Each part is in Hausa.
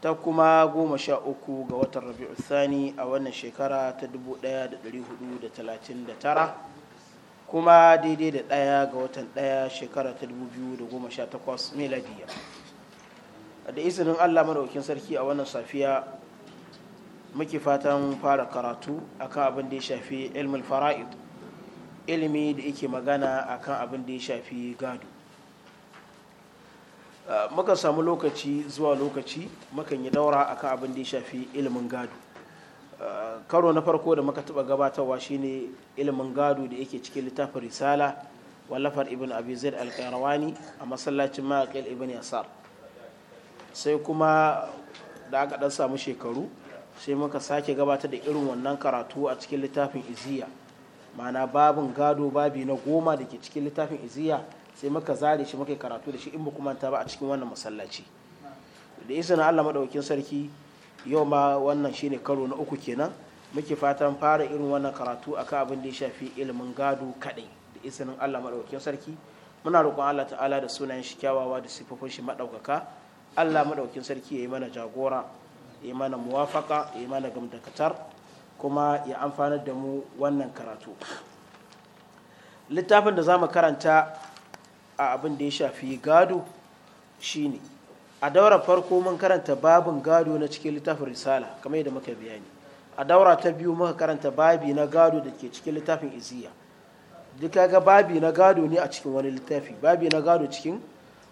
ta kuma goma sha uku ga watan rabi'u thani a wannan shekara ta Dubu da da da dari hudu talatin tara kuma daidai da ɗaya ga watan ɗaya shekara ta Dubu meladiya da izinin allah maɗaukin sarki a wannan safiya muke fatan fara karatu akan abin da ya shafi ilmul fara'id ilimi da yake magana akan abin da ya shafi gado Eh, muka samu lokaci zuwa lokaci mukan yi daura akan abin da ya shafi ilimin gado eh, karo na farko da muka taba gabatarwa shine ilimin gado da yake cikin littafin risala wallafar ibn abi zaid al a masallacin maqil ibn yasar sai kuma da aka dan samu shekaru sai muka sake gabatar da irin wannan karatu a cikin littafin iziya ma'ana babin gado babi na goma da ke cikin littafin iziya sai muka zare shi muka karatu da shi in ba kuma ba a cikin wannan masallaci da izinin Allah madaukakin sarki yau ma wannan shine karo na uku kenan muke fatan fara irin wannan karatu akan abin da ya shafi ilimin gado kadai da izinin Allah madaukakin sarki muna roƙon Allah ta'ala da sunayen shi kyawawa da sifofin shi madaukaka Allah madaukakin sarki ya yi mana jagora ya yi mana muwafaka ya yi mana gamdakatar kuma ya amfanar da mu wannan karatu littafin da za mu karanta a abin da ya shafi gado shine a daura farko mun karanta babin gado na cikin littafin risala kamar yadda muka bayani a daura ta biyu muka karanta babi na gado da ke cikin littafin iziya duk ga babi na gado ne a cikin wani littafi babi na gado cikin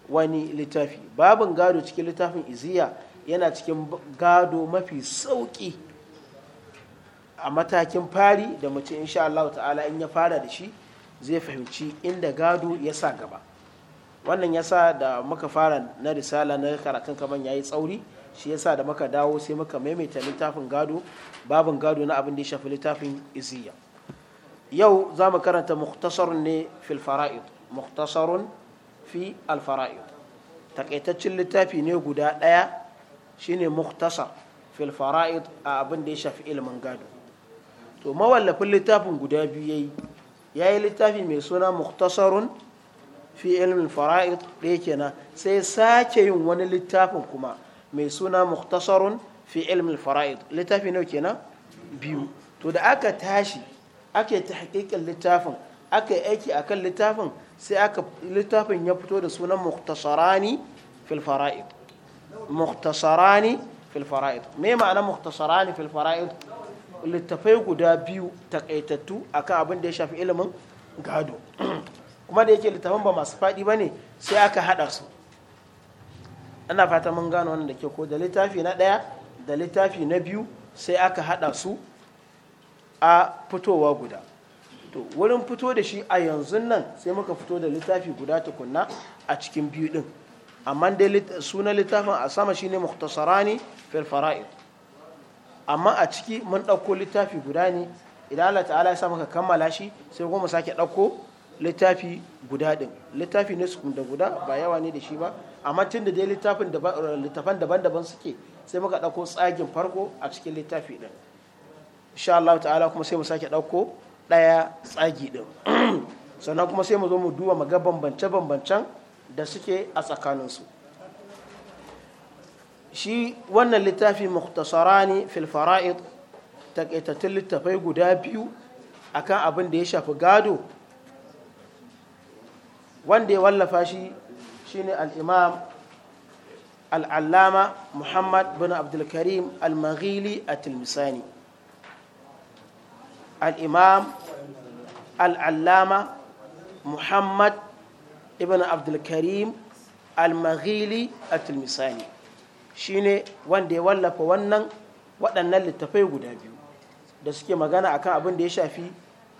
wani littafi babin gado cikin littafin iziya yana cikin gado mafi sauki a matakin fari da mace insha Allah ta'ala in ya fara da shi zai fahimci inda gado ya sa gaba wannan yasa da muka fara na risala na karatun kaman yayi tsauri shi yasa da muka dawo sai muka maimaita littafin gado babin gado na abin da ya shafi littafin iziya yau za mu karanta muktasarun ne fil fara'id muktasarun fi al fara'id takaitaccen littafi ne guda ɗaya shine muktasar fil fara'id a abin da ya shafi ilimin gado to mawallafin littafin guda biyu yayi yayi littafi mai suna muktasarun fi ilmin fara'id ɗaya kenan sai sake yin wani littafin kuma mai suna muktasarun fi ilmin fara'id littafi nau kenan biyu to da aka tashi ake ta hakikin littafin aka yi aiki a kan littafin sai aka littafin ya fito da sunan muktasarani fil fara'id muktasarani fil fara'id me ma'ana muktasarani fil fara'id littafai guda biyu takaitattu akan abin da ya shafi ilimin gado kuma da yake littafin ba masu faɗi ba ne sai aka haɗa su ana fata mun gano wannan da ke ko da littafi na ɗaya da littafi na biyu sai aka haɗa su a fitowa guda to wurin fito da shi a yanzu nan sai muka fito da littafi guda tukunna a cikin biyu ɗin amma dai sunan littafin a sama shi shine muktasara ne fara'id amma a ciki mun ɗauko littafi guda ne idan Allah ta'ala ya sa muka kammala shi sai kuma mu sake ɗauko littafi guda din littafi ne su da guda ba yawa ne da shi ba amma tun da dai littafin littafan daban-daban suke sai muka ɗauko tsagin farko a cikin littafi ɗin insha Allah ta'ala kuma sai mu sake ɗauko ɗaya tsagi ɗin sannan kuma sai mu zo mu duba mu ga bambance-bambancen da suke a tsakaninsu shi wannan littafi muktasarani fil fara'id taƙaitattun littafai guda biyu akan abin da ya shafi gado wanda ya wallafa shi shine al-imam al'allama muhammad bin abdulkarim al-maghili a tilmisani al'imam al'allama muhammad ibn abdulkarim al-maghili a tilmisani shi ne wanda ya wallafa wannan waɗannan littafai guda biyu da suke magana akan abin da ya shafi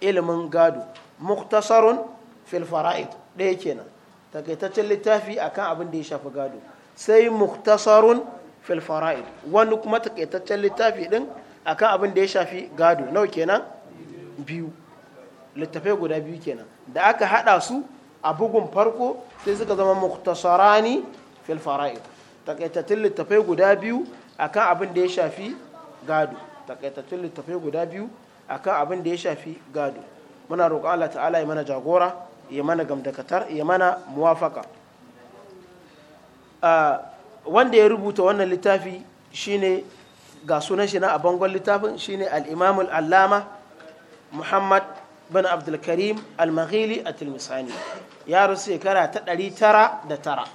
ilimin gado muktasarun fil fara'id ɗaya kenan takaitaccen littafi akan abin da ya shafi gado sai muktasarun fil wani kuma takaitaccen littafi din akan abin da ya shafi gado nawa kenan biyu littafai guda biyu kenan da aka hada su a bugun farko sai suka zama muktasarani fil fara'id takaitaccen littafai guda biyu akan abin da ya shafi gado takaitattun littafai guda biyu akan abin da ya shafi gado muna roƙon Allah ta'ala ya mana jagora ya mana gamdakatar ya mana muwafaka ah, wanda ya rubuta wannan littafi shine ga sunan shi na a bangon littafin shine al'imamul imam allama muhammad bin abdulkarim al-maghili a tilmisani ya rasu shekara ta ɗari tara da tara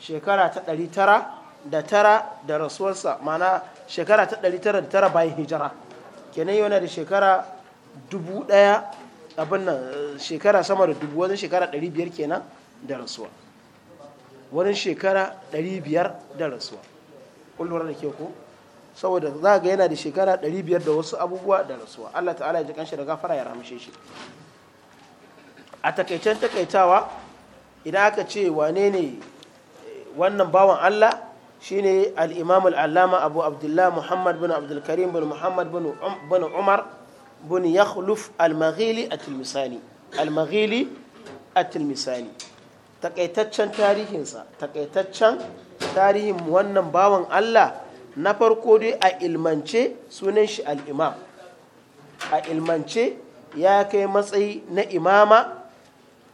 shekara ta ɗari tara da tara da rasuwarsa mana shekara ta ɗari tara da tara bayan hijira kenan yana da shekara dubu ɗaya. abin nan shekara sama da dubu wajen shekara 500 kenan da rasuwa wurin shekara 500 da rasuwa kullum da ke ku saboda za ga yana da shekara 500 da wasu abubuwa da rasuwa Allah ta'ala ya ji kanshi da gafara ya ramshe shi a takaicen takaitawa idan aka ce wane ne eh, wannan bawan Allah shine ne al'imamul allama abu Abdullahi muhammad bin Abdulkarim bin muhammad bin umm, umar bun yakhluf al-maghili at-tilmisani al-maghili at takaitaccen tarihinsa takaitaccen tarihin wannan bawan Allah na farko dai a ilmance sunan shi al-imam a ilmance ya kai matsayi na imama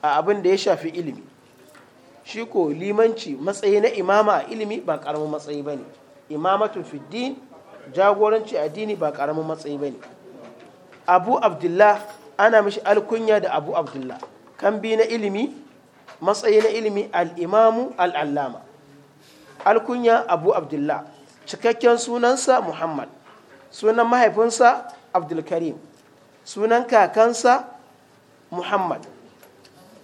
a abin da ya shafi ilimi shi ko limanci matsayi na imama a ilimi ba karamin matsayi ba imamatu fi fiddin jagoranci addini ba karamin matsayi bane. abu abdullah ana mishi alkunya da abu abdullah kan bi na ilimi matsayi na ilimi al'imamu al'allama alkunya abu abdullah cikakken sunansa muhammad sunan mahaifinsa abdulkarim sunan kakansa muhammad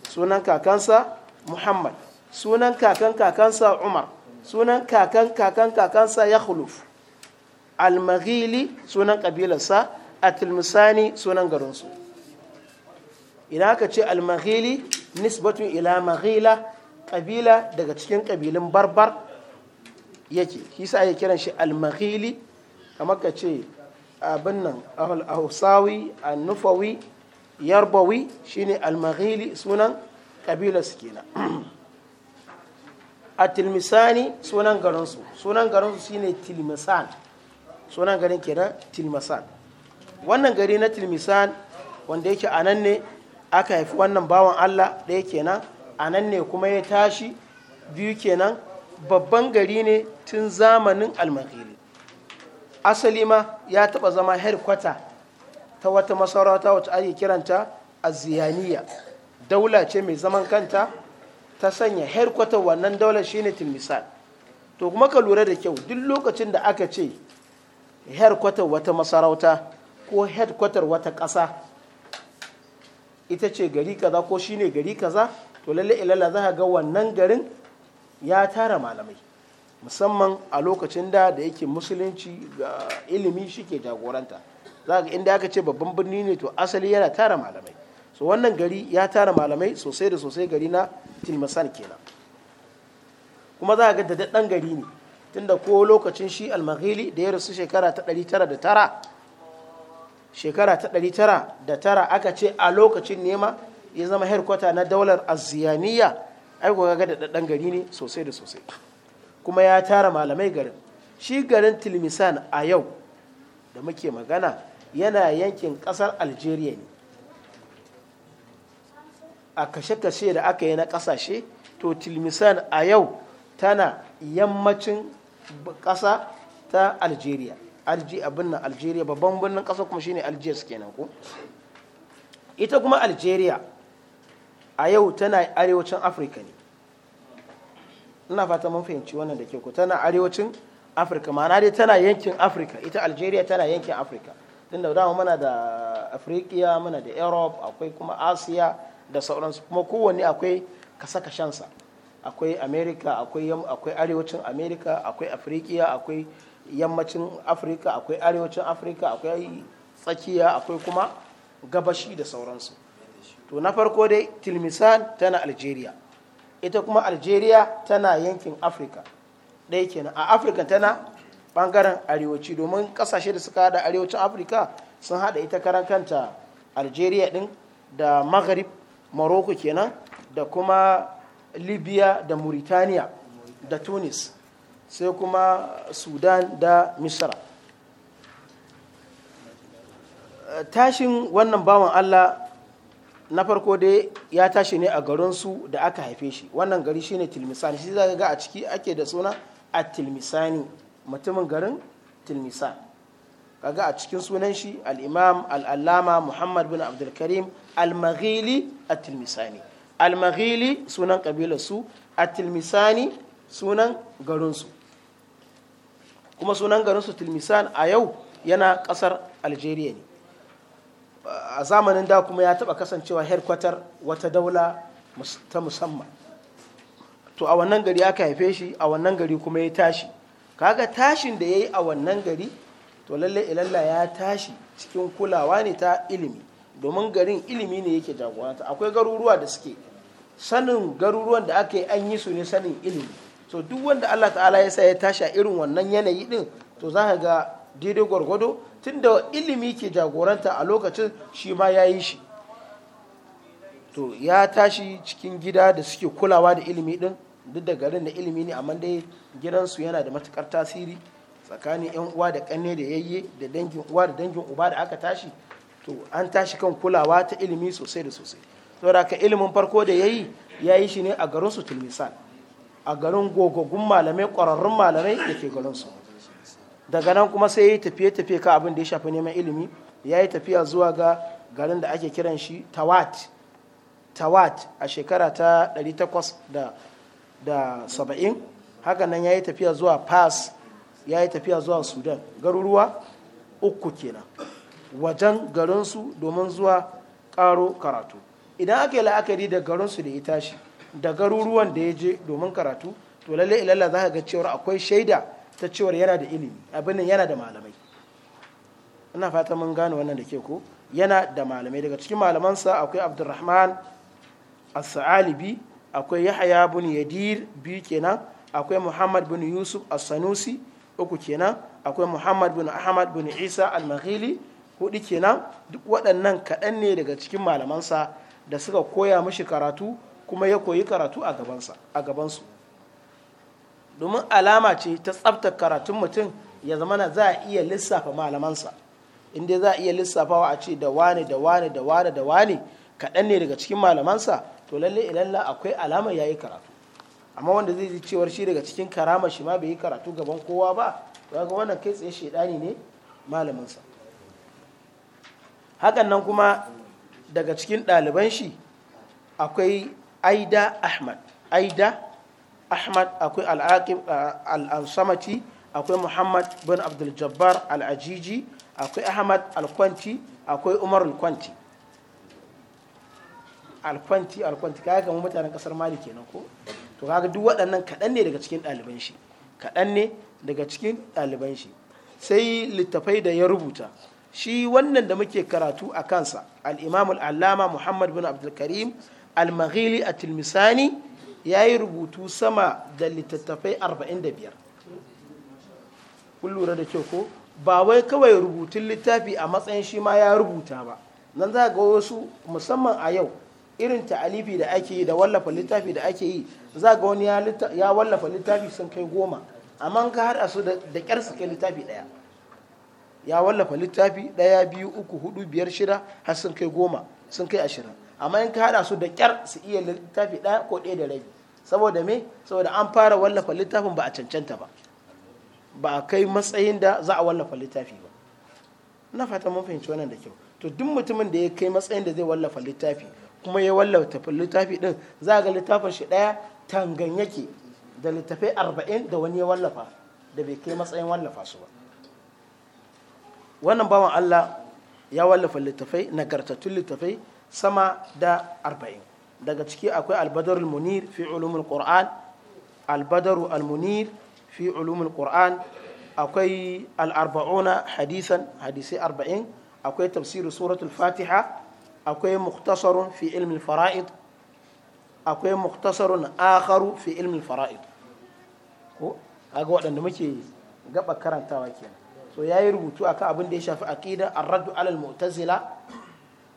sunan kakansa muhammad sunan kakan kakansa umar sunan kakan kakan kakansa ya al-maghili sunan kabilarsa atilmisani sunan garinsu idan aka ce almahili nisbatun ila mahila ƙabila daga cikin ƙabilun barbar yake kisa ya kiran shi almahili kamar ka ce abin nan hausawi annufawi yarbawi shine almahili sunan ƙabila su na a tilmisani sunan garinsu sunan garinsu shine tilmisan sunan garin kenan tilmasan wannan gari na tilmisan wanda yake a nan ne aka haifi wannan bawan allah ɗaya kenan a nan ne kuma ya tashi biyu kenan babban gari ne tun zamanin almakiri asali ma ya taɓa zama herkwata ta wata masarauta wacce ake kiranta a Ziyaniya daula ce mai zaman kanta ta sanya herkwata wannan shi shine tilmisan to kuma ka lura da kyau duk lokacin da aka ce herkwata wata masarauta ko headquarter wata ƙasa ita ce gari kaza ko shine gari kaza to lalle ilalla za ga wannan garin ya tara malamai musamman a lokacin da da yake musulunci ga ilimi shike jagoranta za ga inda aka ce babban birni ne to asali yana tara malamai so wannan gari ya tara malamai sosai da sosai gari na tilmasan kenan kuma za ga da daɗan gari ne tunda ko lokacin shi almaghili da ya rasu shekara ta 909 shekara ta ɗari tara da tara aka ce a lokacin nema ya zama herkwata na daular aziyaniya aiko gaga da ɗaɗɗan gari ne sosai da sosai kuma ya tara malamai garin shi garin tilmisan a yau da muke magana yana yankin ƙasar algeria ne a kashe-kashe da aka yi na ƙasashe to tilmisan a yau tana yammacin ƙasa ta algeria alji abin nan algeria babban birnin kasar kuma shine algiers kenan ko ita kuma algeria a yau tana arewacin afirka ne ina fata mun fahimci wannan da ke ku tana arewacin afirka ma'ana dai tana yankin afirka ita algeria tana yankin afirka tunda dama muna da afirkiya muna da europe akwai kuma asiya da sauransu kuma kowanne akwai kasa kashansa akwai america akwai arewacin america akwai afirkiya akwai yammacin afirka akwai arewacin afirka akwai tsakiya akwai kuma gabashi da sauransu to na farko dai tilmisan tana algeria ita kuma algeria tana yankin afirka ɗaya kenan a afirka tana ɓangaren arewaci domin ƙasashe da suka hada arewacin afirka sun haɗa ita karan kanta algeria ɗin da maghrib morocco kenan da kuma libya da mauritania da tunis sai kuma sudan da misra tashin wannan bawan allah na farko dai ya tashi ne a garinsu da aka haife shi wannan gari shine tilmisani shi za ga a ciki ake da suna a tilmisani mutumin garin tilmisan kaga a cikin sunan shi al'imam imam muhammad bin abdulkarim al-maghili a tilmisani al-maghili sunan kabilarsu a tilmisani sunan garinsu kuma sunan garin su tilmisan a yau yana kasar algeria ne a zamanin da kuma ya taba kasancewa headquarter wata daula ta musamman to a wannan gari aka haife shi a wannan gari kuma ya tashi kaga tashin da ya yi a wannan gari to lalle ilalla ya tashi cikin kulawa ne ta ilimi domin garin ilimi ne yake jagoranta akwai garuruwa da suke sanin garuruwan da aka yi an yi su ne sanin ilimi so duk wanda Allah ta'ala ya sa ya tashi a irin wannan yanayi din to za ka ga daidai gwargwado tunda ilimi ke jagoranta a lokacin shi ma ya yi shi to ya tashi cikin gida da suke kulawa da ilimi din duk da garin da ilimi ne amma dai gidansu yana da matukar tasiri tsakanin yan uwa da kanne da yayye da dangin uwa da dangin uba da aka tashi to an tashi kan kulawa ta ilimi sosai da sosai saboda ka ilimin farko da yayi yayi shi ne a garin su tilmisan a garin gogogun malamai ƙwararrun malamai da ke garinsu daga nan kuma sai ya yi tafiye-tafiye ka abin da ya shafi neman ilimi ya yi tafiya zuwa ga garin da ake kiran shi tawat tawat a shekara ta 870 haka nan ya yi tafiya zuwa pass ya yi tafiya zuwa sudan garuruwa uku kenan wajen garinsu domin zuwa ƙaro karatu idan aka yi la'akari da garinsu da ya tashi da garuruwan da ya je domin karatu to lalle ilalla za ka ga cewar akwai shaida ta cewar yana da ilimi abin yana da malamai ina fata mun gane wannan da ke ko yana da malamai daga cikin malamansa akwai abdurrahman as-sa'alibi akwai Yahaya bin yadir bi kenan akwai muhammad bin yusuf as-sanusi uku kenan akwai muhammad bin ahmad bin isa al-maghili hudu kenan duk waɗannan kaɗan ne daga cikin malamansa da suka koya mashi karatu kuma ya koyi karatu a gabansu domin alama ce ta tsabtar karatun mutum ya zama na za a iya lissafa malamansa inda za a iya lissafawa a ce da wane da wane da wane da wane kaɗan ne daga cikin malamansa to lalle ilalla akwai alama ya yi karatu amma wanda zai ji cewar shi daga cikin karama shi ma bai yi karatu gaban kowa ba to ga wannan kai tsaye shaidani ne malaminsa hakan nan kuma daga cikin ɗaliban shi akwai aida ahmad aida ahmad akwai al'aqib uh, al'ansamati akwai muhammad bin abdul jabbar al'ajiji akwai ahmad alkwanti akwai umar alkwanti alkwanti alkwanti kaga gama mutanen kasar mali kenan ko to kaga duk waɗannan kaɗan ne daga cikin ɗaliban shi kaɗan ne daga cikin ɗaliban shi sai littafai da ya rubuta shi wannan da muke karatu a kansa al'imamul allama muhammad bin abdulkarim almaghili a tilmisani ya yi rubutu sama da littattafai 45 kun lura da kyau ko ba wai kawai rubutun littafi a matsayin shi ma ya rubuta ba nan za ga wasu musamman a yau irin ta'alifi da ake yi da wallafa littafi da ake yi za ga wani ya wallafa littafi sun kai goma amma ka haɗa su da kyar su kai littafi ɗaya ya wallafa littafi ɗaya biyu uku hudu biyar shida har sun kai goma sun kai ashirin amma in ka hada su da kyar su iya littafi ɗaya ko ɗaya da rabi saboda me saboda an fara wallafa littafin ba a cancanta ba ba a kai matsayin da za a wallafa littafi ba na fata mun fahimci wannan da kyau to duk mutumin da ya kai matsayin da zai wallafa littafi kuma ya wallafa littafi din za ga littafin shi ɗaya tangan yake da littafai arba'in da wani ya wallafa da bai kai matsayin wallafa su ba wannan bawan allah ya wallafa littafai nagartattun littafai sama da arba'in daga ciki akwai albadaru munir fi ulumul qur'an albadaru almunir fi ulumul qur'an akwai al'arba'una hadisan hadisai arba'in akwai tafsirin suratul fatiha akwai muktasarun fi ilmin fara'id akwai muktasarun akharu fi ilmin fara'id ko aga waɗanda muke gaba karantawa kenan so yayi rubutu akan abin da ya shafi aqida ar-raddu alal mu'tazila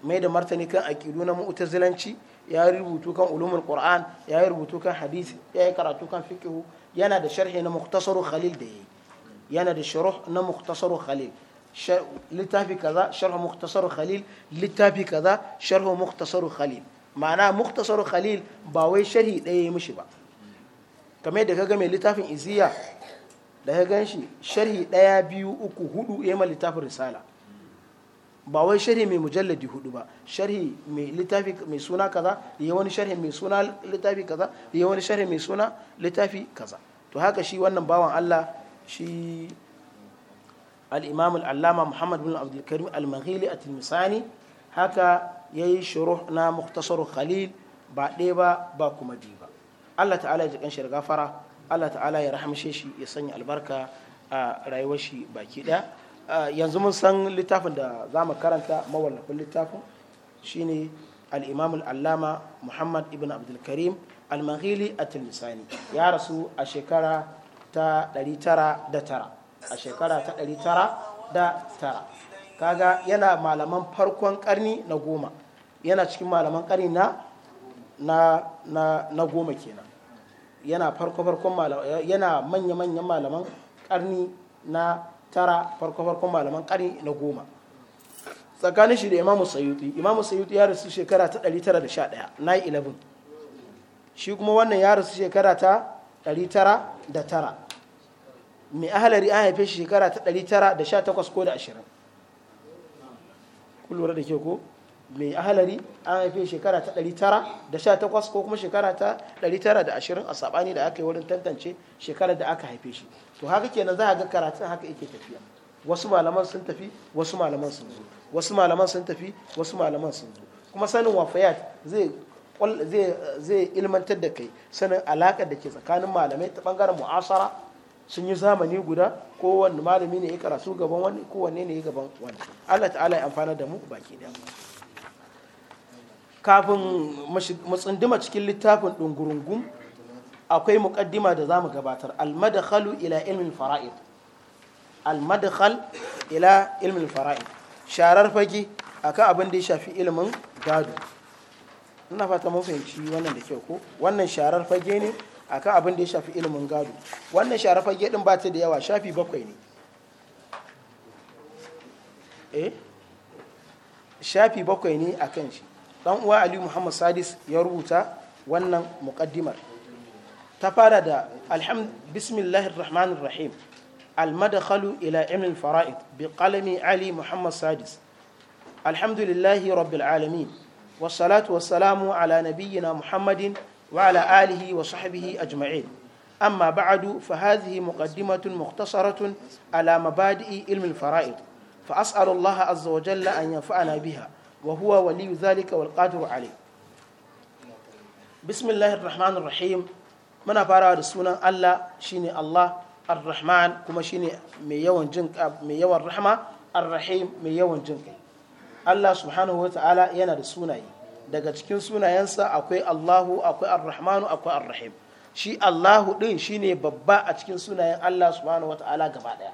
mai da martani kan aƙidu na mu'tazilanci ya rubutu kan ulumul qur'an ya rubutu kan hadisi ya yi karatu kan fiqhu yana da sharhi na muktasaru khalil da yayi yana da sharh na muktasaru khalil littafi kaza sharh muktasaru khalil littafi kaza sharh muktasaru khalil ma'ana muktasaru khalil ba wai sharhi ɗaya yi mishi ba kamar da kaga mai littafin iziya da ka gan sharhi ɗaya biyu uku hudu yayi ma littafin risala ba wai sharhi mai mujalladi hudu ba sharhi mai littafi mai suna kaza ya wani sharhi mai suna littafi kaza ya wani sharhi mai suna littafi kaza to haka shi wannan bawan Allah shi al-imam al-allama Muhammad bin Abdul Karim al-Maghili at-Tilmisani haka yayi shuruh na mukhtasar Khalil ba ɗaya ba ba kuma biyu ba Allah ta'ala ya jikan shi da gafara Allah ta'ala ya rahamshe shi ya sanya albarka a rayuwar shi baki ɗaya Ah, yanzu mun san littafin da za mu karanta mawallafin littafin shine ne al'imamul allama muhammad ibn abdulkarim al mahili a tilisani ya rasu a shekara ta 909 a shekara ta 909 kaga yana malaman farkon karni na goma yana cikin malaman karni na na na goma kenan yana farko farkon yana manya-manyan malaman karni na tara farko farkon malaman ƙari na goma tsakanin shi da imamu sayuti imamu sayuti ya rasu shekara ta 911 9-11 shi kuma wannan ya rasu shekara ta 909 mai ahalari an haife shekara ta 918 ko da 20 kullum da ke ko mai ahalari an haife shekara ta 918 ko kuma shekara ta 920 a sabani da aka yi wurin tantance shekara da aka haife shi to haka kenan za a ga karatun haka yake tafiya wasu malaman sun tafi wasu malaman sun zo wasu malaman sun tafi wasu malaman sun zo kuma sanin wafayat zai ilmantar da kai sanin alakar da ke tsakanin malamai ta bangaren mu'asara sun yi zamani guda kowanne malami ne ya karatu gaban wani kowanne ne ya gaban wani Allah ta'ala ya amfana da mu baki daya kafin matsundima cikin littafin ɗungurungun akwai muƙaddima da za mu gabatar almadakhalu ila ilmin fara'id almadakhal ila ilmin fara'id sharar fage akan abin da ya shafi ilimin gado ina fata mun fahimci wannan da kyau ko wannan sharar fage ne akan abin da ya shafi ilimin gado wannan sharar fage din ba ta da yawa shafi bakwai ne eh shafi bakwai ne akan shi dan uwa Ali Muhammad Sadis ya rubuta wannan muqaddimar ta fara da alhamd bismillahir rahmanir ila ilmil fara'id bi qalami Ali Muhammad Sadis alhamdulillahi rabbil alamin was salatu was salamu ala nabiyyina Muhammadin wa ala alihi wa sahbihi ajma'in amma ba'du fa hadhihi muqaddimatun mukhtasaratun ala mabadi'i ilmin fara'id fa as'alu Allah azza wa jalla an yanfa'ana biha wa huwa waliyu zalika wal qadiru alayh bismillahir rahmanir rahim muna farawa da sunan Allah shine Allah ar-rahman kuma shine mai yawan jin mai yawan rahma ar-rahim mai yawan jin kai Allah subhanahu wa ta'ala yana da sunaye daga cikin sunayensa akwai Allahu akwai ar-rahmanu akwai ar-rahim shi Allahu din shine babba a cikin sunayen Allah subhanahu wa ta'ala gaba daya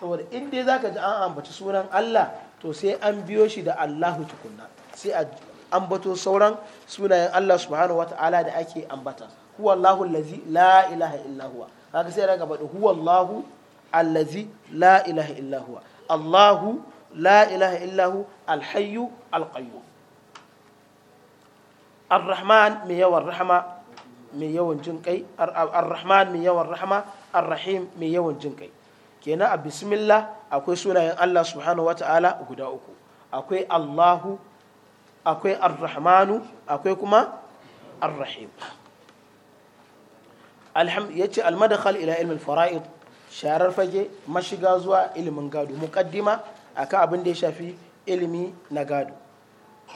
saboda in dai zaka ji an ambaci sunan Allah to sai an biyo shi da Allahu tukunna sai a ambato sauran sunayen Allah subhanahu wata'ala da ake ambata huwa Allahu allazi la ilaha illa huwa haka sai daga bada huwa Allahu allazi la ilaha illa huwa Allahu la ilaha illa hu alhayyu alqayyum arrahman mai yawan rahama mai yawan jin kai arrahman mai yawan rahama arrahim mai yawan jin kai kenan a bismillah akwai sunayen Allah subhanahu wata'ala guda uku akwai Allahu akwai Ar-Rahmanu akwai kuma Ar-Rahim yace al-madkhal ila ilmin fara'id sharar fage mashiga zuwa ilimin gado muqaddima akan abin da ya shafi ilimi na gado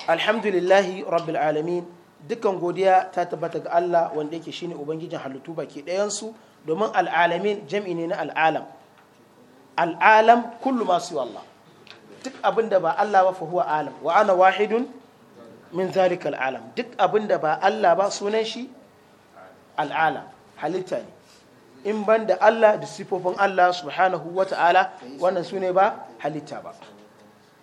alhamdulillahi rabbil alamin dukkan godiya ta tabbata ga Allah wanda yake shine ubangijin halittu baki ɗayansu domin al'alamin jam'i ne na al'alam al'alam kullu ma Allah duk abin da ba Allah ba fa alam wa ana wahidun min zalika al'alam duk abin da ba Allah ba sunan shi al'alam halitta ne in ban da Allah da sifofin Allah subhanahu wa ta'ala wannan su ne ba halitta ba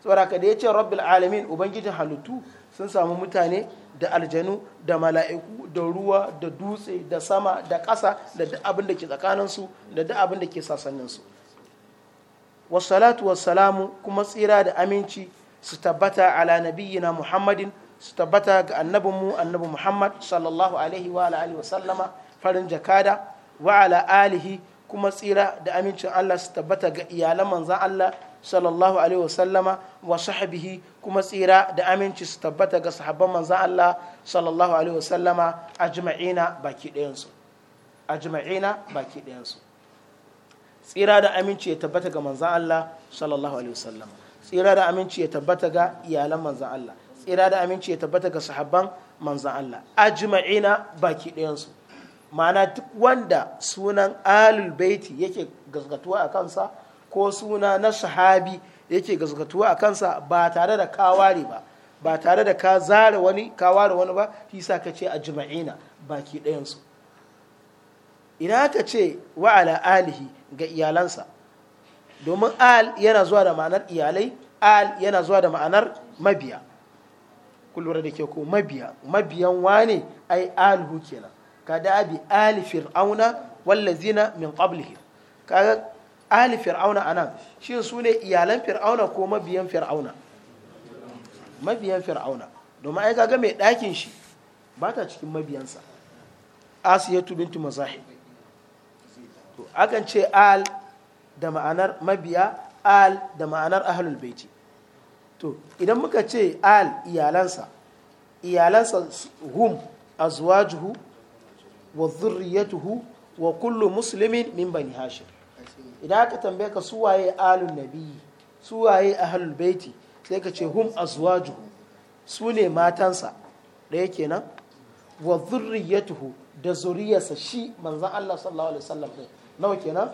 saboda ka da ya ce rabbil al'alamin ubangijin halittu sun samu mutane da aljanu da mala'iku da ruwa da dutse da sama da ƙasa da duk abin da ke tsakaninsu da duk abin da ke sassaninsu Wasalatu wasalamu kuma tsira da aminci su tabbata ala nabiyyina muhammadin su tabbata ga annabinmu annabi muhammad sallallahu alaihi wa alihi wa sallama farin jakada wa ala alihi kuma tsira da amincin allah su tabbata ga iyalan manzan allah sallallahu alaihi wa sallama wa sahabihi kuma tsira da aminci su tabbata ga sahabban manzan allah sallallahu alaihi wa sallama ajma'ina baki ɗayansu ajma'ina baki ɗayansu tsira da aminci ya tabbata ga manzan Allah sallallahu alaihi wasallam tsira da aminci ya tabbata ga iyalan manzan Allah tsira da aminci ya tabbata ga sahabban manzan Allah a jima'ina baki ɗayansu ma'ana duk wanda sunan alul baiti yake gaskatuwa a kansa ko suna na sahabi yake gaskatuwa a kansa ba tare da kaware ba ba tare da ka zare wani kaware wani ba shi sa ka ce ajma'ina baki ɗayansu ina ta ce wa alihi ga iyalansa domin al yana zuwa da ma'anar iyalai al yana zuwa da ma'anar mabiya kullum da ke ko mabiya mabiyan wane ai alihu kenan ka da abi ali fir'auna wallazina min qablihi kaga ali fir'auna anan shin su ne iyalan fir'auna ko mabiyan fir'auna mabiyan fir'auna domin ai kaga mai ɗakin shi ba ta cikin mabiyansa asiyatu bintu mazahib akan ce al da ma'anar mabiya al da ma'anar ahlul baiti to idan muka ce al iyalansa iyalansa hum azwajuhu wa zurriyatuhu wa kullu muslimin min bani hashim idan aka tambaye ka suwaye alun nabiyyi suwaye ahlul baiti sai ka ce hum azwajuhu su ne matansa ɗaya kenan wa zurriyatuhu da zuriyarsa shi manzan Allah sallallahu alaihi wasallam ɗin nawa kenan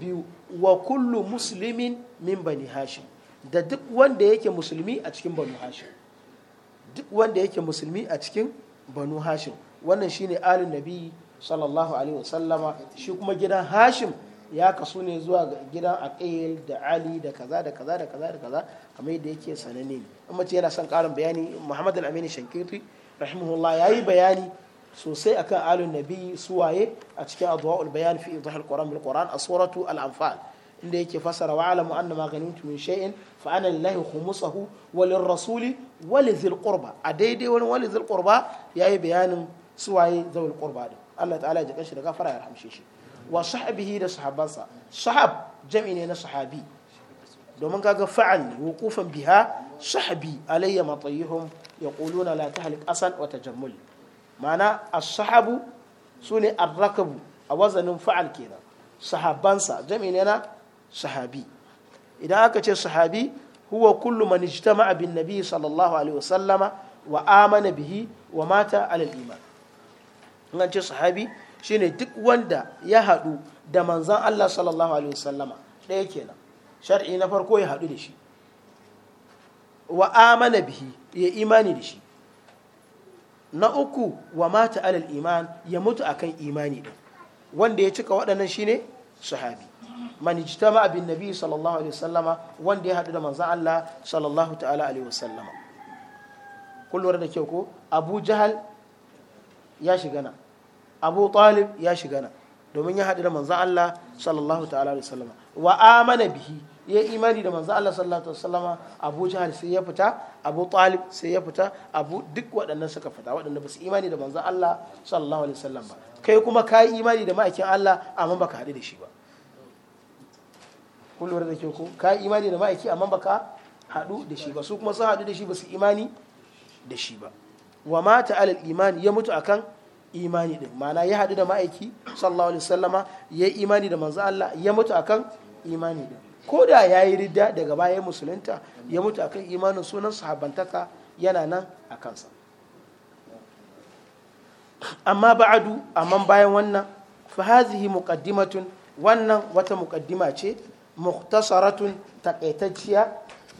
biyu wa kullu muslimin min bani hashim da duk wanda yake musulmi a cikin banu hashim duk wanda yake musulmi a cikin banu hashim wannan shine alin nabi sallallahu alaihi wasallama shi kuma gidan hashim ya kasu ne zuwa gidan aqil da ali da kaza da kaza da kaza da kaza kamar yadda yake sananne amma in mace yana son karin bayani muhammad al-amin shankiti rahimahullah yayi bayani sosai akan alun nabi suwaye a cikin adwa'ul bayan fi idhar alquran bil quran a suratu al anfal inda yake fasara wa alamu anna ma ghanimtu min shay'in fa ana lillahi khumsuhu wa lirrasuli wa lidhil qurba a daidai wani wa lidhil qurba yayi bayanin suwaye zawul qurba din Allah ta'ala ya kashi da fara ya rahamshe shi wa sahbihi da sahabansa sahab jam'i ne na sahabi domin kaga fa'al wuqufan biha sahbi alayya matayhum yaquluna la tahlik asan wa tajammul ma'ana as-sahabu sune arrakabu rakabu a wazanin fa'al kenan sahabansa jami ne na sahabi idan aka ce sahabi huwa kullu man ijtama'a bin nabi sallallahu alaihi wasallama wa amana bihi wa mata alal iman ce sahabi shine duk wanda ya haɗu da manzan Allah sallallahu alaihi wasallama ɗaya kenan shar'i na farko ya haɗu da shi wa amana bihi ya imani da shi na uku wa mata alal iman ya mutu akan imani din wanda ya cika waɗannan shine sahabi man ijtama abin nabi sallallahu alaihi wasallama wanda ya haɗu da manzon Allah sallallahu ta'ala alaihi wasallama kun da kyau ko Abu Jahal ya shiga na Abu Talib ya shiga na domin ya haɗu da manzon Allah sallallahu ta'ala alaihi wasallama wa amana bihi ya imani da manzo Allah sallallahu alaihi wasallama Abu Jahl sai ya fita Abu Talib sai ya fita Abu duk waɗannan suka fita waɗanda ba su imani da manzo Allah sallallahu alaihi wasallam ba kai kuma ka yi imani da ma'aikin Allah amma baka haɗu da shi ba kun da ke ku ka yi imani da ma'aiki amma baka haɗu da shi ba su kuma sun haɗu da shi ba su imani da shi ba wa mata alal imani ya mutu akan imani din ma'ana ya haɗu da ma'aiki sallallahu alaihi wasallama ya yi imani da manzo Allah ya mutu akan imani din ko da ya yi ridda daga baya musulunta ya mutu akan imanin sunan sahabantaka yana nan a kansa amma ba'adu amma bayan wannan fa hazihi muqaddimatun wannan wata muqaddima ce muktasaratun takaitacciya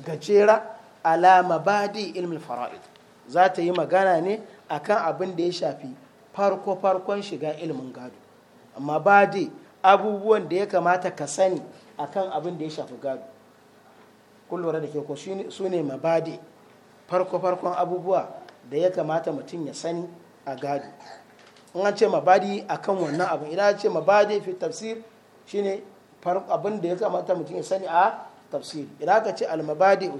gajera ala mabadi ilmin fara'id za ta yi magana ne akan abin da ya shafi farko farkon shiga ilmin gado amma badi abubuwan da ya kamata ka sani akan abin da ya shafi gado kun lura da ke ko su ne mabadi farko-farkon abubuwa da ya kamata mutum ya sani a gado in an ce mabadi akan wannan abin idan an ce mabadi fi tafsir shine abin da ya kamata mutum ya sani a tafsir idan aka ce al-mabadi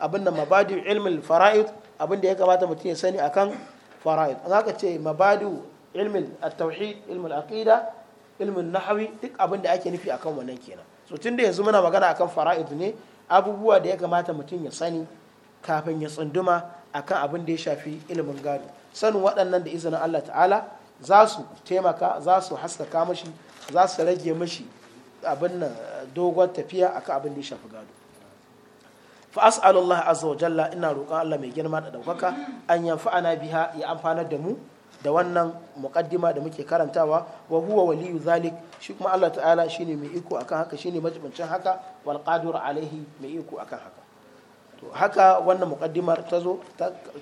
abin da mabadi ilmin fara'id abin da ya kamata mutum ya sani akan fara'id in aka ce mabadi ilmin at-tauhid ilmin aqida ilmin nahawi duk abin da ake nufi akan wannan kenan so tun da yanzu muna magana akan faraidu ne abubuwa da ya kamata mutum ya sani kafin ya tsunduma akan abin da ya shafi ilimin gado sanin waɗannan da izinin Allah ta'ala za su taimaka za su haskaka mashi za su rage mashi abin nan dogon tafiya akan abin da ya shafi gado fa as'alullah azza wa ina roƙon Allah mai girma da ɗaukaka an yanfa'ana biha ya amfanar da mu da wannan muƙaddima da muke karantawa wa huwa waliyu zalik shi kuma Allah ta'ala ne mai iko akan haka shine majibincin haka wal qadir alaihi mai iko akan haka to haka wannan muqaddimar ta zo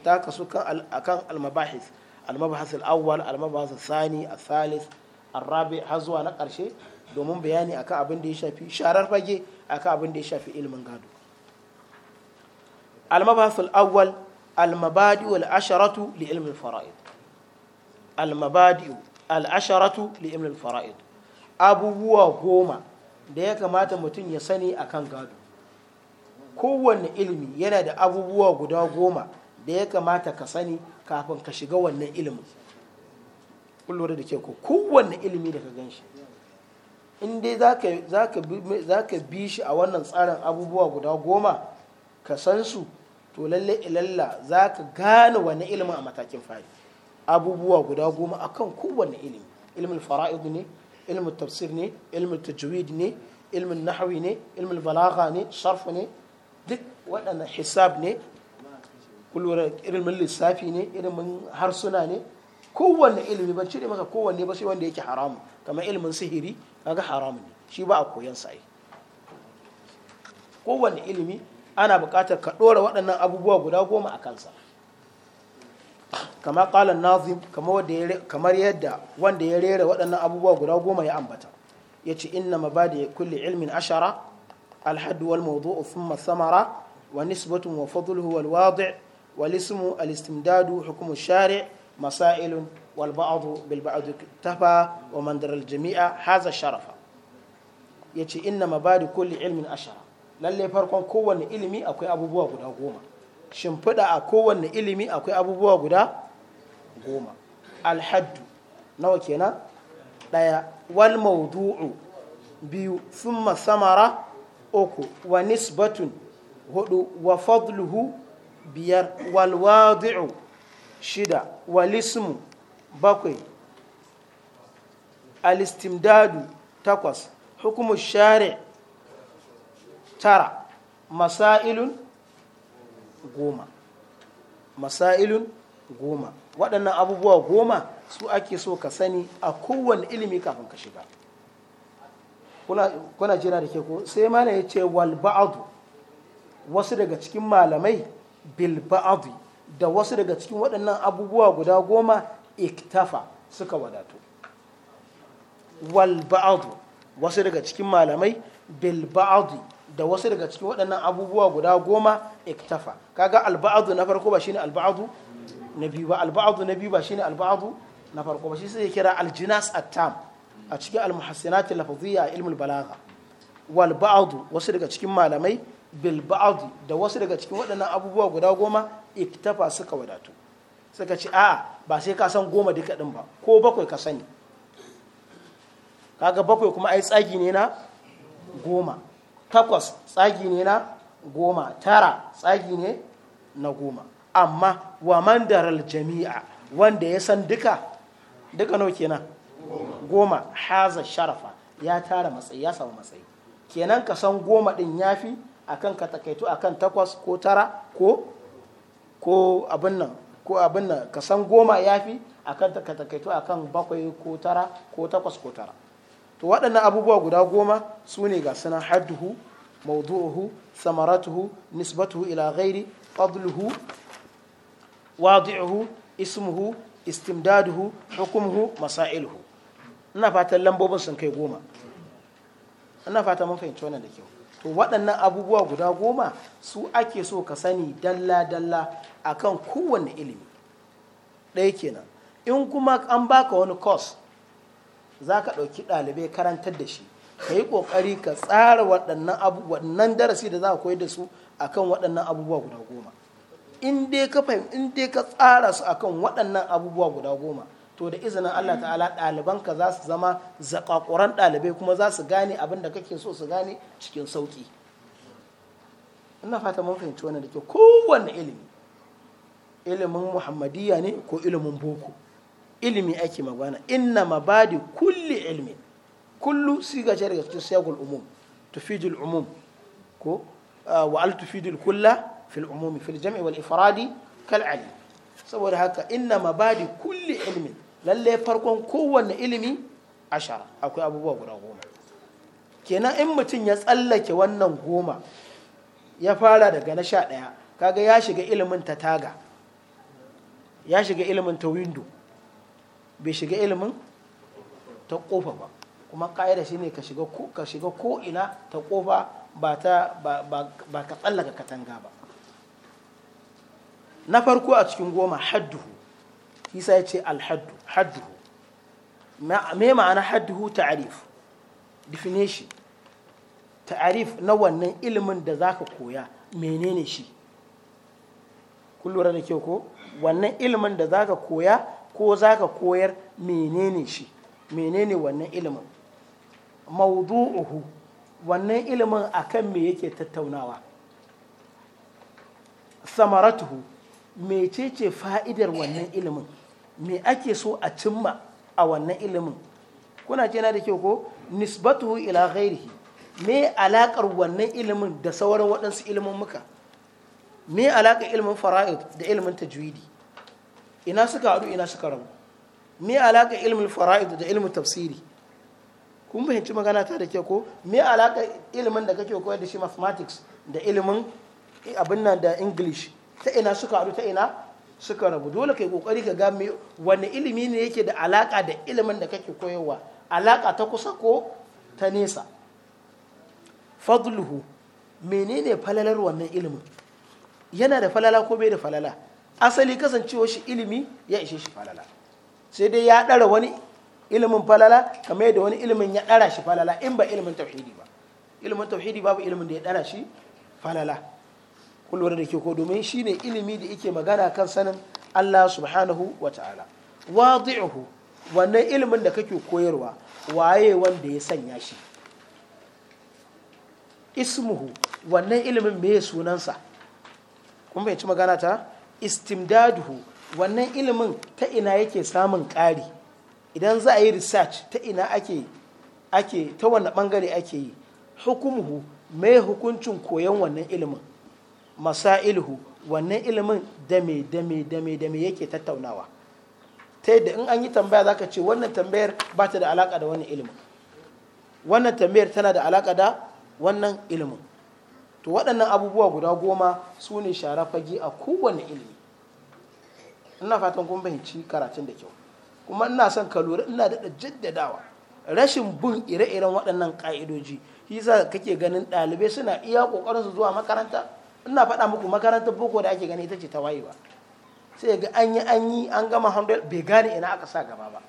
ta kasu kan akan al mabahis al awwal al al thani al thalith rabi har zuwa na ƙarshe domin bayani akan abin da ya shafi sharar fage akan abin da ya shafi ilimin gado al al awwal al mabadi wal asharatu li almabadi'u asharatu li al fara'id abubuwa goma da ya kamata mutum ya sani akan gado kowanne ilimi yana da abubuwa guda goma da ya kamata ka sani kafin ka shiga wannan ilimin kullum da ke ko kowanne ilimi da ka gan in dai za ka bi shi a wannan tsarin abubuwa guda goma ka san su to lalle ilalla za ka gane wani ilimin a matakin fari abubuwa guda goma akan kowanne ilimi ilmin fara'idu ne ilmin tafsir ne ilmin tajwid ne ilmin nahwi ne ilmin balagha ne sarf ne duk waɗannan hisab ne kullura ilmin lissafi ne ilmin harsuna ne kowanne ilimi ban cire maka kowanne ba sai wanda yake haramu kamar ilimin sihiri kaga haramu ne shi ba a koyan sa yi kowanne ilimi ana buƙatar ka ɗora waɗannan abubuwa guda goma a kansa kama qala nazim kamar yadda wanda ya rera waɗannan abubuwa guda goma ya ambata yace inna mabadi kulli ilmin ashara alhad wal mawdu'u thumma samara wa nisbatun wa fadluhu wal wadi' wal ismu al istimdadu hukmu shari' masailun wal ba'd bil ba'd tafa wa man al jami'a hadha sharafa yace inna mabadi kulli ilmin ashara lalle farkon kowanne ilimi akwai abubuwa guda goma shimfiɗa a kowanne ilimi akwai abubuwa guda goma alhaddu nawa kenan daya wal maudu'u biyu thumma samara uku wa nisbatun hudu wa fadluhu biyar wal wadi'u shida wal ismu bakwai al-istimdadu takwas hukumu shari tara masailun goma masailun goma waɗannan abubuwa goma su ake so ka sani a kowane ilimi kafin ka shiga kuna jira da ke ko sai mana ya ce wal ba'adu wasu daga cikin malamai bil da wasu daga cikin waɗannan abubuwa guda goma iktafa suka wadatu Walba'adu ba'adu wasu daga cikin malamai bil da wasu daga cikin waɗannan abubuwa guda goma iktafa kaga al ba'adu na farko ba shine al ba'adu na biyu ba alba'adu na biyu ba shine alba'adu na farko ba shi sai kira aljinas attam a cikin almahasinatin lafaziyya a ilmul balagha walba'adu wasu daga cikin malamai bil da wasu daga cikin waɗannan abubuwa guda goma iktafa suka wadatu suka ce a'a ba sai ka san goma duka ɗin ba ko bakwai ka sani kaga bakwai kuma ai tsagi ne na goma takwas tsagi ne na goma tara tsagi ne na goma amma wa man jami'a wanda ya san duka duka nau kenan goma haza sharafa ya tara matsayi ya samu matsayi kenan ka san goma din yafi akan ka takaitu akan takwas ko tara ko ko abin nan ko abin ka san goma yafi akan ka takaitu akan bakwai ko tara ko takwas ko tara to waɗannan abubuwa guda goma su ne ga sunan hadduhu mawdu'uhu samaratuhu nisbatuhu ila ghairi fadluhu wadi'uhu ismuhu istimdaduhu hukumuhu masailuhu ina fatan lambobin sun kai goma ina fata mun fahimci wannan da kyau to waɗannan abubuwa guda goma su ake so ka sani dalla dalla akan kowanne ilimi ɗaya kenan in kuma an baka wani course za ka ɗauki ɗalibai karantar da shi ka yi ƙoƙari ka tsara waɗannan darasi da za ka koyar da su akan waɗannan abubuwa guda goma in dai ka fahim in ka tsara su akan waɗannan abubuwa guda goma to da izinin Allah ta'ala ɗalibanka za su zama zakakuran ɗalibai kuma za su gane abin da kake so su gane cikin sauƙi ina fata mun fahimci wannan da ke kowanne ilimi ilimin muhammadiyya ne ko ilimin boko ilimi ake magana inna mabadi kulli ilmi kullu siga ce daga cikin siyagul umum tufijul umum ko ah, wa'al tufijul kulla fil umumi fil jam'i wal ifradi kal ali saboda haka inna mabadi kulli ilmin lallai farkon kowanne ilimi ashara akwai abubuwa guda goma kenan in mutum ya tsallake wannan goma ya fara daga na sha ɗaya kaga ya shiga ilimin ta taga ya shiga ilimin ta windo bai shiga ilimin ta kofa ba kuma ka'ida shine ka shiga ko ina ta kofa ba ka tsallaka katanga ba na farko a cikin goma hadduhu isa ya ce alhaddu hadduhu me ma'ana hadduhu ta'arif definition ta'arif na wannan ilimin da zaka koya menene shi kullura da kyau ko wannan ilimin da zaka koya ko zaka koyar menene shi menene wannan ilimin mawdu'uhu wannan ilimin akan me yake tattaunawa samaratuhu mecece fa'idar wannan ilimin me ake so a cimma a wannan ilimin kuna ce na da kyau ko nisbatu ila ghairihi me alakar wannan ilimin da sauran waɗansu ilimin muka me alakar ilimin fara'id da ilimin tajwidi ina suka haɗu ina suka rabu me alakar ilimin fara'id da ilimin tafsiri kun fahimci magana ta da ke ko me alakar ilimin da kake koyar da shi mathematics da ilimin abin nan da english ta ina suka haɗu ta ina suka rabu dole kai kokari ka ga me wani ilimi ne yake da alaka da ilimin da kake koyarwa alaka ta kusa ko ta nesa fadluhu menene falalar wannan ilimin yana da falala ko bai da falala asali kasancewa shi ilimi ya ishe shi falala sai dai ya ɗara wani ilimin falala kamar yadda wani ilimin ya ɗara shi falala in ba ilimin tauhidi ba ilimin tauhidi babu ilimin da ya ɗara shi falala kullum da ke ko domin shine ilimi da yake magana kan sanin Allah subhanahu wa ta'ala wadi'uhu wannan ilimin da kake koyarwa waye wanda ya sanya shi ismuhu wannan ilimin me sunansa kun bai ci magana ta istimdaduhu wannan ilimin ta ina yake samun ƙari idan za a yi research ta ina ake ake ta wannan bangare ake yi hukumuhu mai hukuncin koyon wannan ilimin masailuhu wannan ilimin dame dame dame dame yake tattaunawa ta yadda in an yi tambaya zaka ce wannan tambayar ba ta da alaka da wannan ilimin wannan tambayar tana da alaka da wannan ilimin to waɗannan abubuwa guda goma su ne shara fage a kowane ilimi ina fatan kun fahimci karatun da kyau kuma ina son ka lura ina daɗa jaddadawa rashin bin ire-iren waɗannan ƙa'idoji shi sa kake ganin ɗalibai suna iya ƙoƙarin su zuwa makaranta ina faɗa muku makarantar boko da ake gani ita ce ta wayewa sai ga an yi an yi an gama handle bai gane ina aka sa gaba ba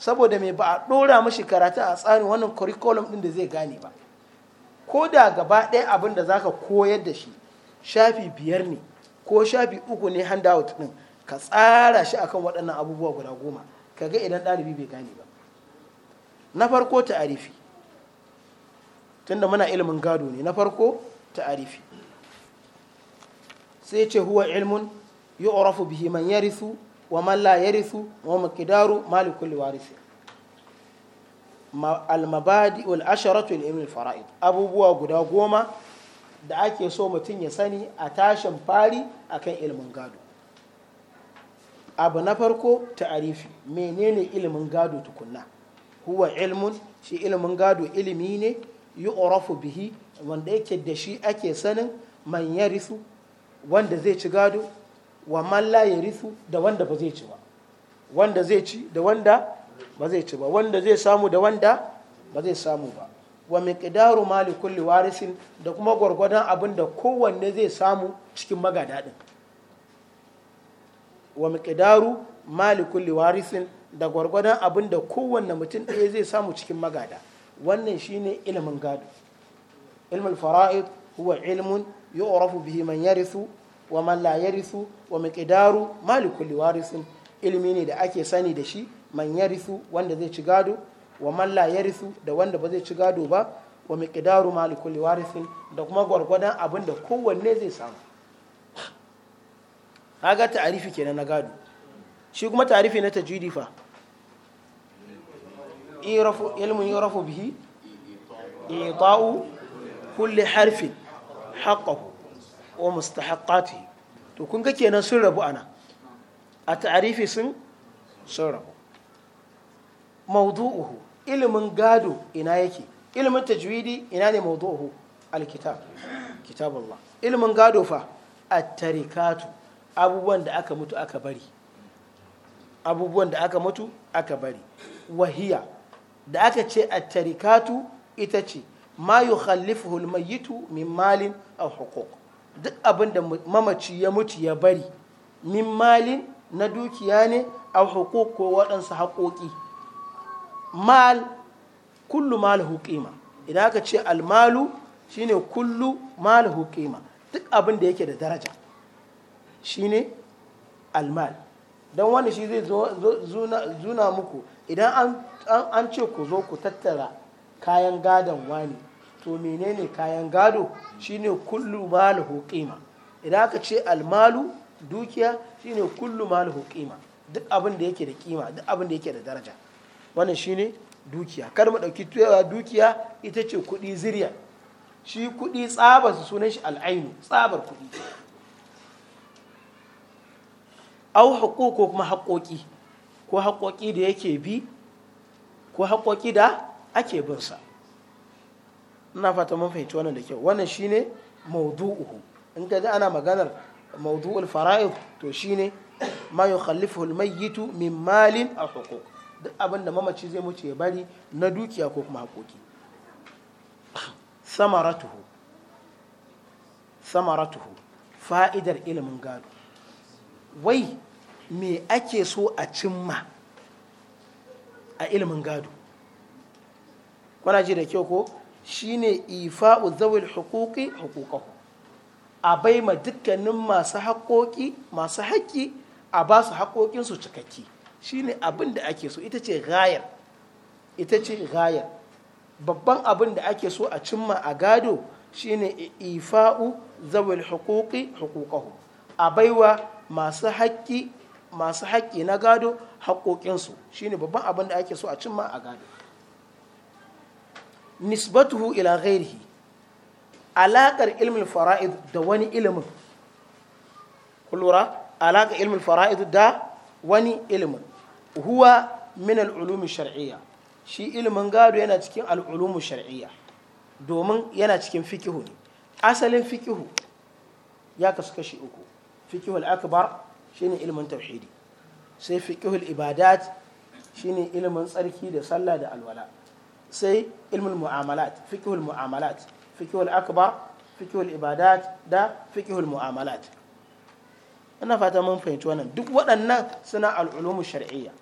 saboda mai ba a ɗora mashi karatu a tsarin wannan curriculum ɗin da zai gane ba ko da gaba ɗaya abin da zaka koyar da shi shafi biyar ne ko shafi uku ne handout ɗin ka tsara shi akan waɗannan abubuwa guda goma ka ga idan ɗalibi bai gane ba na farko ta'arifi tunda muna ilimin gado ne na farko ta'arifi sai ce huwa ilmun orafu bihi man risu wa man la risu wa makidaru mali kulli al mabadi wal asharatu li ilmi fara'id abubuwa guda goma da ake so mutum ya sani a tashin fari akan ilmin gado abu na farko ta'arifi menene ilmin gado tukunna huwa ilmun shi ilimin gado ilimi ne orafu bihi wanda yake da shi ake sanin man ya risu. wanda zai ci gado wa malla ya risu da wanda ba zai ci ba wanda zai ci da wanda ba zai ci ba wanda zai samu da wanda ba zai samu ba wa miqdaru mali kulli warisin da kuma gwargwadon abin da kowanne zai samu cikin magada din wa miqdaru mali kulli warisin da gwargwadon abin da kowanne mutum ɗaya zai samu cikin magada wannan shine ilimin gado ilmul fara'id huwa ilmun yu'rafu bihi man yarithu wa man la yarithu wa miqdaru malikul liwarisin ne da ake sani da shi man yarithu wanda zai ci gado wa man la yarithu da wanda ba zai ci gado ba wa miqdaru malikul warisin da kuma gwargwadon abinda kowanne zai samu kaga ta'arifi kenan na gado shi kuma ta'arifi na tajwidi fa ilmun yurafu bihi ita'u kulli harfin haqqahu wa mustahaqqatihi to kun kake kenan sun rabu ana a ta'arifi sun sun rabu mawdu'uhu ilimin gado ina yake ilimin tajwidi ina ne mawdu'uhu alkitab kitabullah ilimin gado fa at-tarikatu abubuwan da aka mutu aka bari abubuwan da aka mutu aka bari wahiya da aka ce at-tarikatu ita ce ma yukhallifuhu almayyitu min malin a hukuk duk abin da mamaci ya mutu ya bari min malin na dukiya ne a hukuk ko waɗansu haƙoƙi mal kullu mal hukima idan aka ce almalu shine kullu mal hukima duk abin da yake da daraja shine almal don wani shi zai zuna muku idan an ce ku zo ku tattara kayan gadon wani to menene kayan gado shine kullu malahu qima idan aka ce almalu dukiya shine kullu malahu qima duk abin da yake da kima duk abin da yake da daraja wannan shine dukiya kar mu dauki tuyawa eh, dukiya ita ce kuɗi ziriya shi kuɗi tsabar su sunan shi al'ainu tsabar kuɗi au haƙo ko kuma haƙoƙi ko haƙoƙi da yake bi ko haƙoƙi da ake bin sa ina fata mun fahimci wannan da kyau wannan shine mawdu'uhu in ka ji ana maganar mawdu'ul fara'id to shine ma yukhallifuhu al-mayyitu min malin aw huquq duk abinda mamaci zai mutu ya bari na dukiya ko kuma haƙoƙi samaratuhu samaratuhu fa'idar ilimin gado wai me ake so a cimma a ilimin gado kuna ji da kyau ko shine ifa'u zawil hukuki, huquqahu a bai ma dukkanin masu haƙoƙi masu haƙƙi a ba su haƙoƙinsu cikakki Shi ne abin da ake so ita ce gayar ita ce gayar babban abin da ake so a cimma a gado shine ifa'u zawil hukuki, huquqahu a baiwa masu haƙƙi masu haƙƙi na gado haƙoƙinsu shi ne babban abin da ake so a cimma a gado nisbatuhu ila ghairihi alaƙar ilmin fara'id da wani ilimin kullura ilmin fara'id da wani ilimin huwa min al'ulumin shar'iyya shi ilimin gado yana cikin al'ulumin shar'iyya domin yana cikin fikihu ne asalin fikihu ya kasu kashi uku fikihu akbar shine ilimin tauhidi sai fikihu ibadat shine ilimin tsarki da sallah da alwala sai ilmul mu'amalat fikihul mu'amalat fikihul akbar fikihul ibadat da fikihul mu'amalat ina fata mun fahimci wannan duk waɗannan suna al'ulumu shar'iyya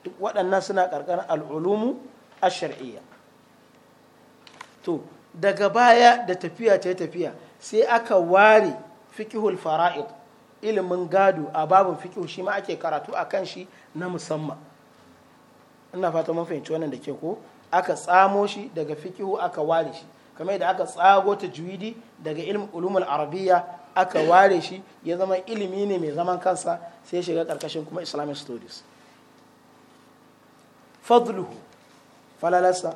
duk waɗannan suna ƙarƙar al'ulumu ash-shar'iyya to daga baya da tafiya ta tafiya sai aka ware fikihul fara'id ilimin gado a babin fiqh shi ma ake karatu akan shi na musamman ina fata mun fahimci wannan da ke ko aka tsamo shi daga fikihu aka ware shi kamar yadda aka tsago ta juwidi daga ilmin ulumul arabiya aka ware shi ya zama ilimi ne mai zaman kansa sai shiga karkashin kuma islamic studies fadluhu falalarsa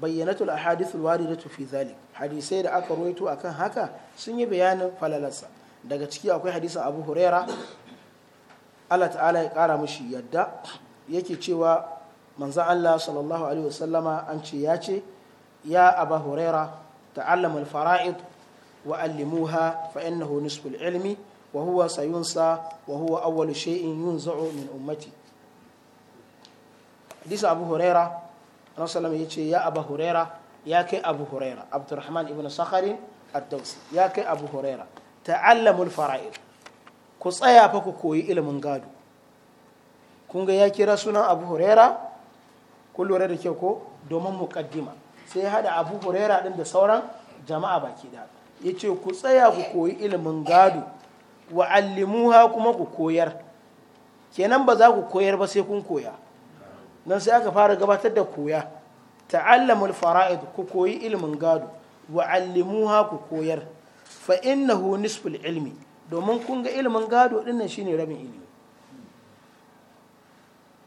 bayyanatul ahadithul waridatu fi zalik hadisai da aka ruwaito akan haka sun yi bayanin falalarsa daga ciki akwai hadisin abu huraira Allah ta'ala ya kara mushi yadda yake cewa manzan Allah sallallahu alaihi wasallama an ce ya ce ya aba huraira ta'allama faraid wa allimuha fa innahu nisful ilmi wa huwa sayunsa wa huwa awwal shay'in yunza'u min ummati hadisi abu huraira annabi sallallahu ya ce ya aba huraira ya kai abu huraira abdurrahman ibn sakharin ad-dawsi ya kai abu huraira ta'allamul fara'id ku tsaya fa ku koyi ilimin gado kun ga ya kira sunan abu huraira kun lura da kyau ko domin mukaddima sai hada abu huraira din da sauran jama'a baki da yace ku tsaya ku koyi ilimin gado wa allimuha kuma ku koyar kenan ba za ku koyar ba sai kun koya nan sai aka fara gabatar da koya ta'allamul fara'id ku koyi ilimin gado wa allimuha ku koyar fa innahu nisful ilmi domin kun ga ilimin gado dinnan shine rabin ilimi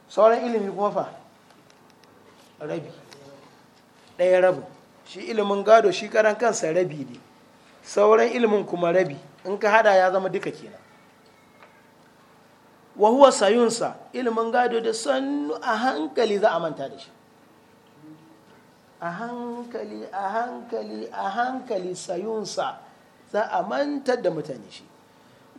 sauran ilimi kuma fa rabi ɗaya rabu shi ilimin gado shi karan kansa rabi ne sauran ilimin kuma rabi in ka hada ya zama duka kenan wahuwa sayunsa ilimin gado da sannu a hankali za a manta da shi a hankali a hankali a hankali sayunsa za a mantar da mutane shi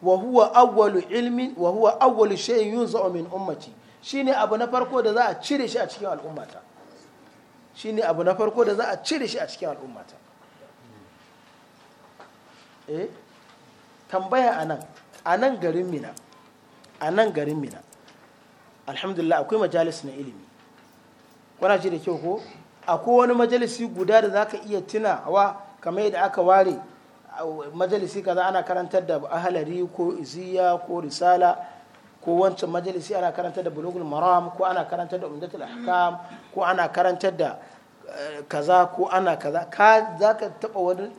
wahuwa awwalu ilmin wahuwa awwalu shay'in yunza'u min ummati shine abu na farko da za a cire shi a cikin al'ummata shi ne abu na farko da za a cire shi a cikin al'ummata eh tambaya anan anan garin mina anan garin mina alhamdulillah akwai majalis na ilimi kwana ce da kyau ko akwai wani majalisi guda da za ka iya tunawa kamar yadda aka ware majalisi kaza ana karantar da ahalari ko iziya ko risala ko wancan majalisi ana karanta da bulugul maram ko ana karanta da umdatul ahkam ko ana karanta da eh, kaza ko ana kaza ka za ka taɓa wani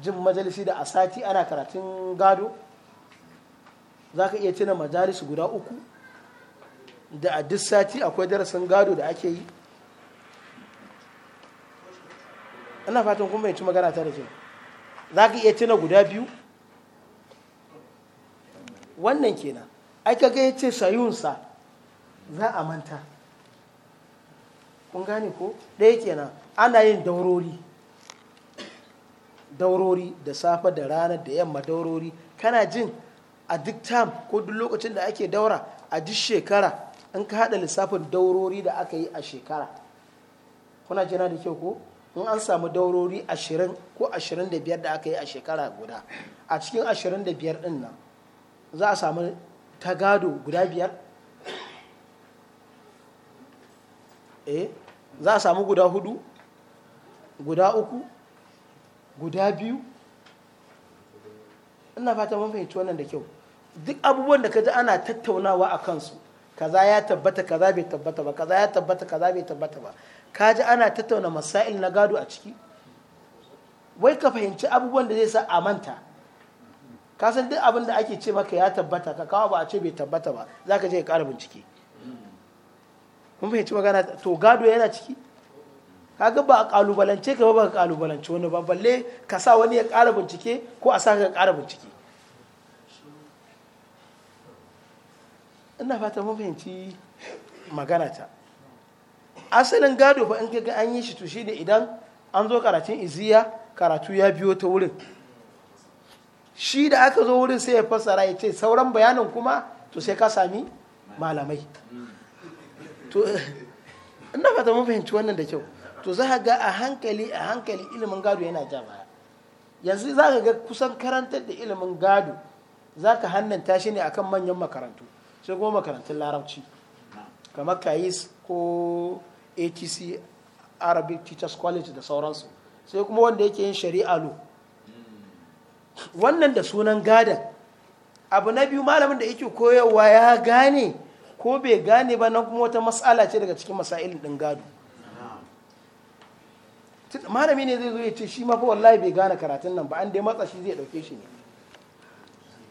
jin majalisi da a sati ana karatun gado za ka iya tuna majalis guda uku da a duk sati akwai darasin gado da ake yi ina fatan kuma yanci magana ta da kyau za ka iya tuna guda biyu wannan kenan ai kaga ya ce sayunsa za a manta kun gane ko ɗaya kenan ana yin daurori daurori da safe da rana da yamma daurori kana jin a duk tam ko duk lokacin da ake daura a duk shekara in ka haɗa lissafin daurori da aka yi a shekara kuna jina da kyau ko in an samu daurori ashirin ko ashirin da biyar da aka yi a shekara guda a cikin ashirin da biyar ɗin nan za a samu ta gado guda biyar eh za a samu guda hudu guda uku guda biyu ina fata mun fahimci wannan da kyau duk abubuwan da kaji ana tattaunawa a kansu kaza ya tabbata kaza bai tabbata ba kaza ya tabbata kaza bai tabbata ba kaji ana tattauna masail na gado a ciki wai ka fahimci abubuwan da zai sa a manta ka san duk abin da ake ce maka ya tabbata ka kawo ba a ce bai tabbata ba za ka je ka ƙara bincike mun fahimci magana to gado yana ciki ga ba a kalubalance ka ba ka kalubalance wani ba balle ka sa wani ya ƙara bincike ko a sa ka ƙara bincike ina fata mun fahimci magana ta asalin gado fa in ga an yi shi to shine idan an zo karatun iziya karatu ya biyo ta wurin shi da aka zo wurin sai ya fassara ya ce sauran bayanin kuma to sai ka sami malamai to ina fata mun fahimci wannan da kyau to za ga a hankali a hankali ilimin gado yana ja baya yanzu za ka ga kusan karantar da ilimin gado za ka hannanta shi ne akan manyan makarantu sai kuma makarantun larabci kamar kayis ko atc arabic teachers college da sauransu sai kuma wanda yake yin shari'a lo wannan da sunan gadan abu na biyu malamin da yake koyarwa ya gane ko bai gane ba na kuma wata matsala ce daga cikin masailin ɗin gado malami ne zai zo ya ce shi mafi wallahi bai gane karatun nan ba an dai matsa shi zai ɗauke shi ne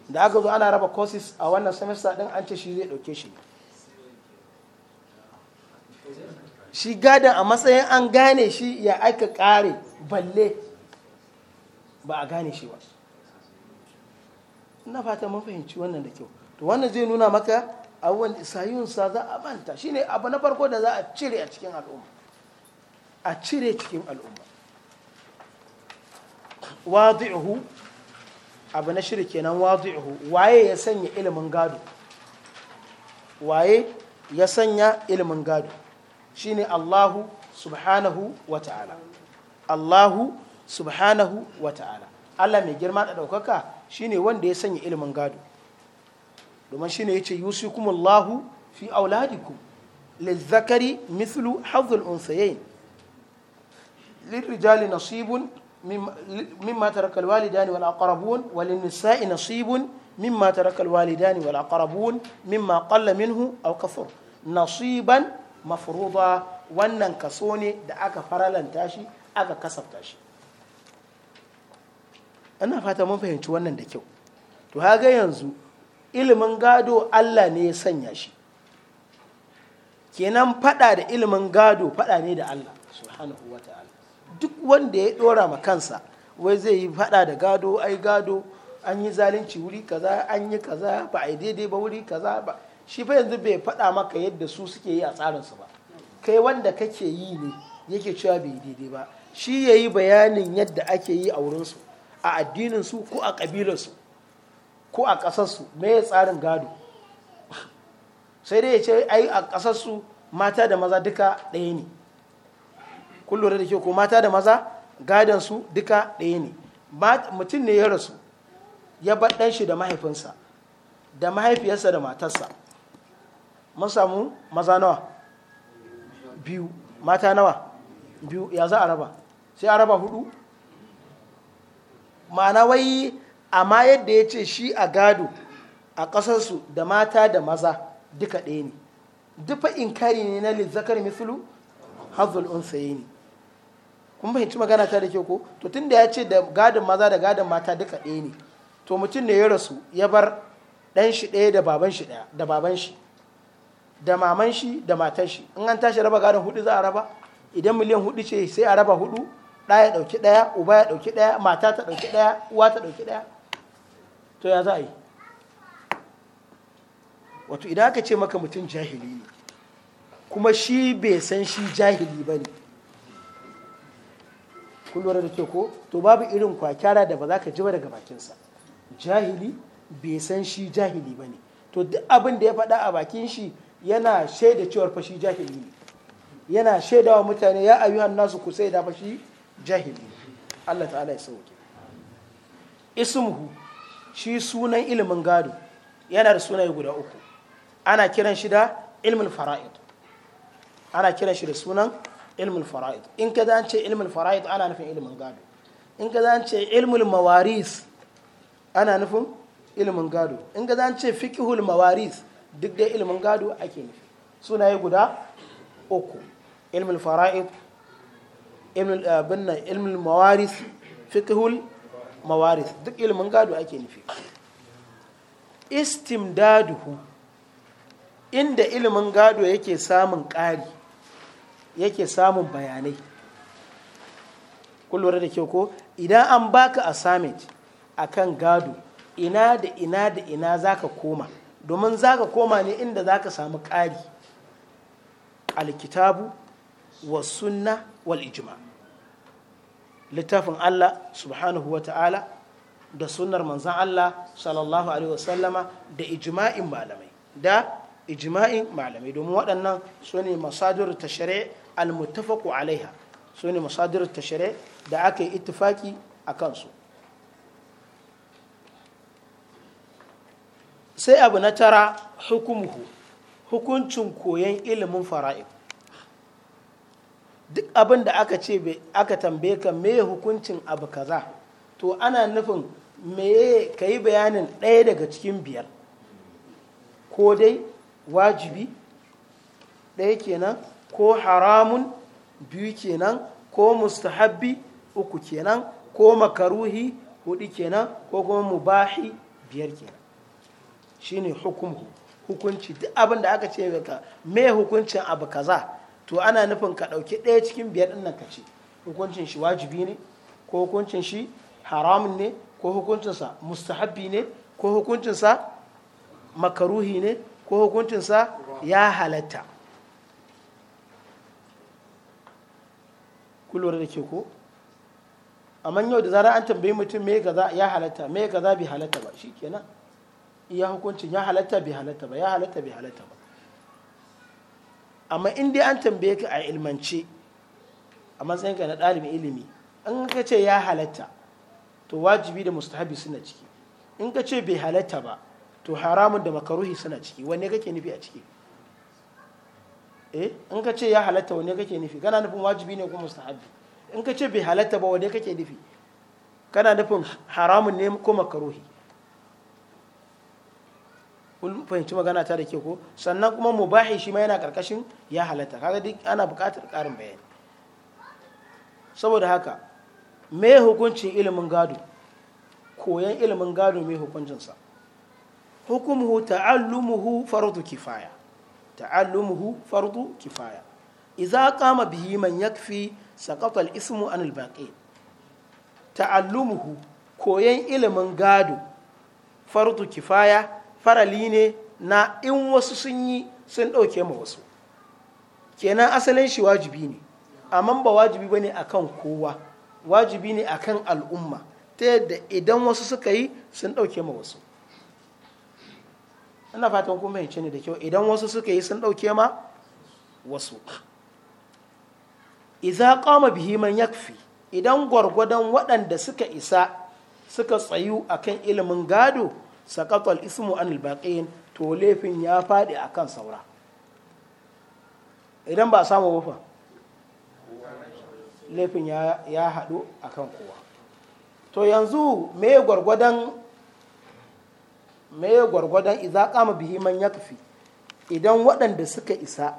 da aka zo ana raba courses a wannan semester ɗin an ce shi zai ɗauke shi ne shi gadon a matsayin an gane shi ya aika kare balle ba a gane shi ba ina fata mun fahimci wannan da kyau to wannan zai nuna maka awwal sa za a manta shine abu na farko da za a cire a cikin al'umma a cire cikin al'umma wadi'uhu abu na shirya kenan wadi'uhu waye ya sanya ilimin gado waye ya sanya ilimin gado shine Allahu subhanahu wa ta'ala Allahu subhanahu wa ta'ala Allah mai girma da ɗaukaka shine wanda ya sanya ilimin gado domin shine yace yusikumullahu fi auladiku lizzakari mithlu hadhul unsayayn للرجال نصيب مما ترك الوالدان والأقربون وللنساء نصيب مما ترك الوالدان والأقربون wannan kaso ne da aka faralanta shi aka kasafta shi ana fata mun fahimci wannan da kyau to haga yanzu ilimin gado Allah ne ya sanya shi kenan fada da ilimin gado fada ne da Allah subhanahu wa duk wanda ya dora ma kansa wai zai yi fada da gado ai gado an yi zalunci wuri kaza an yi kaza ba a yi daidai ba wuri kaza ba shi fa yanzu bai fada maka yadda su suke yi a tsarin su ba kai wanda kake yi ne yake cewa bai daidai ba shi yayi bayanin yadda ake yi a wurin su. a addinin su ko a ƙabilarsu ko a ƙasarsu me tsarin gado sai dai ya ce ai a ƙasarsu mata da maza duka ɗaya ne kullum da ke ko mata da maza gadonsu duka ɗaya ne mutum ne ya rasu ya bar shi da mahaifinsa da mahaifiyarsa da matarsa mun samu maza nawa biyu mata nawa biyu ya za a raba sai a raba hudu ma'ana wai amma yadda ya ce shi a gado a kasarsu da mata da maza duka ɗaya ne dufa kari ne na lizakar mifilu hazul unsayi ne kun fahimci magana ta da ke ko to tun da ya ce da gadon maza da gadon mata duka ɗaya ne to mutum ne ya rasu ya bar ɗan shi ɗaya da baban shi ɗaya da baban shi da maman shi da matan shi in an tashi raba gadon hudu za a raba idan miliyan hudu ce sai a raba hudu ɗa ya ɗauki ɗaya uba ya ɗauki ɗaya mata ta ɗauki ɗaya uwa ta ɗauki ɗaya to ya za a yi wato idan aka ce maka mutum jahili ne kuma shi bai san shi jahili ba ne kullum da ke ko to babu irin kwakyara da ba za ka ji ba daga bakinsa jahili bai san shi jahili ba ne to duk abin da ya faɗa a bakin shi yana shaida cewar fashi jahili ne yana shaidawa mutane ya ayyuhan nasu ku sai da fashi jahili Allah ta'ala ya sauke ismuhu shi sunan ilimin gado yana da sunaye guda uku ana kiran shi da ilmin fara'id ana kiran shi da sunan ilmin fara'id in ka ce ilmin fara'id ana nufin ilimin gado in ka ce ilmin mawaris ana nufin ilimin gado in ka ce fikihul mawaris duk dai ilimin gado ake nufi sunaye guda uku ilmin fara'id ilmin eh, mawaris fiqhul mawaris duk ilmin gado ake nufi istimdaduhu inda ilimin gado yake samun ƙari yake samun bayanai kullum da kyau ko idan an baka assignment akan gado ina da ina da ina zaka koma domin zaka koma ne inda zaka samu ƙari alkitabu wa sunna wal ijma littafin Allah subhanahu wa ta'ala da sunnar manzan Allah sallallahu alaihi wasallama da ijima'in malamai da ijima'in malamai domin waɗannan su ne masadir tashari almuttafaku alaiha su ne masadir shari'a da aka yi ittifaki a kansu sai abu na tara hukumuhu hukuncin koyon ilimin fara'id duk abin da aka ce aka tambaye ka me hukuncin abu kaza to ana nufin me ka yi bayanin ɗaya daga cikin biyar ko dai wajibi ɗaya kenan ko haramun biyu kenan ko mustahabbi uku kenan ko makaruhi hudu kenan ko kuma mubahi biyar kenan shine hukunci duk abin da aka ce ka me hukuncin abu kaza to ana nufin ka ɗauki ɗaya cikin biyar ɗin nan ka ce hukuncin shi wajibi ne ko hukuncin shi haramun ne ko hukuncinsa mustahabbi ne ko hukuncinsa makaruhi ne ko hukuncinsa ya halatta kulwar da ke ko amma yau da zara an tambayi mutum me gaza ya halatta me gaza bai halatta ba shikenan iya hukuncin ya halatta bai halatta ba ya halatta bai halatta ba amma in dai an tambaye ka a ilmance a matsayinka na ɗalibin ilimi an ka ce ya halatta to wajibi da mustahabi suna ciki in ka ce bai halatta ba to haramun da makaruhi suna ciki wanne kake nufi a ciki eh in ka ce ya halatta wanne kake nufi kana nufin wajibi ne ko mustahabi in ka ce bai halatta ba wanne kake nufi kana nufin haramun ne ko makaruhi kun fahimci magana ta da ke ko sannan kuma mubahi shi ma yana karkashin ya halatta kaga duk ana buƙatar ƙarin bayani saboda haka me hukuncin ilimin gado koyan ilimin gado me hukuncinsa hukumuhu ta'allumuhu fardu kifaya ta'allumuhu fardu kifaya idza qama bihi man yakfi saqata al-ismu an al-baqi ta'allumuhu koyan ilimin gado fardu kifaya farali ne na in wasu sun yi sun ɗauke ma wasu kenan asalin shi wajibi ne amma ba wajibi ba ne a kan kowa wajibi ne a kan al'umma ta yadda idan wasu suka yi sun ɗauke ma wasu ina fatan kuma yance ne da kyau idan wasu suka yi sun ɗauke ma wasu iza kama bihiman yakfi idan gwargwadon waɗanda suka isa suka tsayu akan ilimin gado saqata al-ismu anil to laifin ya fadi akan saura idan ba a samu wufa laifin ya haɗu hadu akan kowa to yanzu me gwargwadon me gwargwadon idza qama bihi man yakfi idan waɗanda suka isa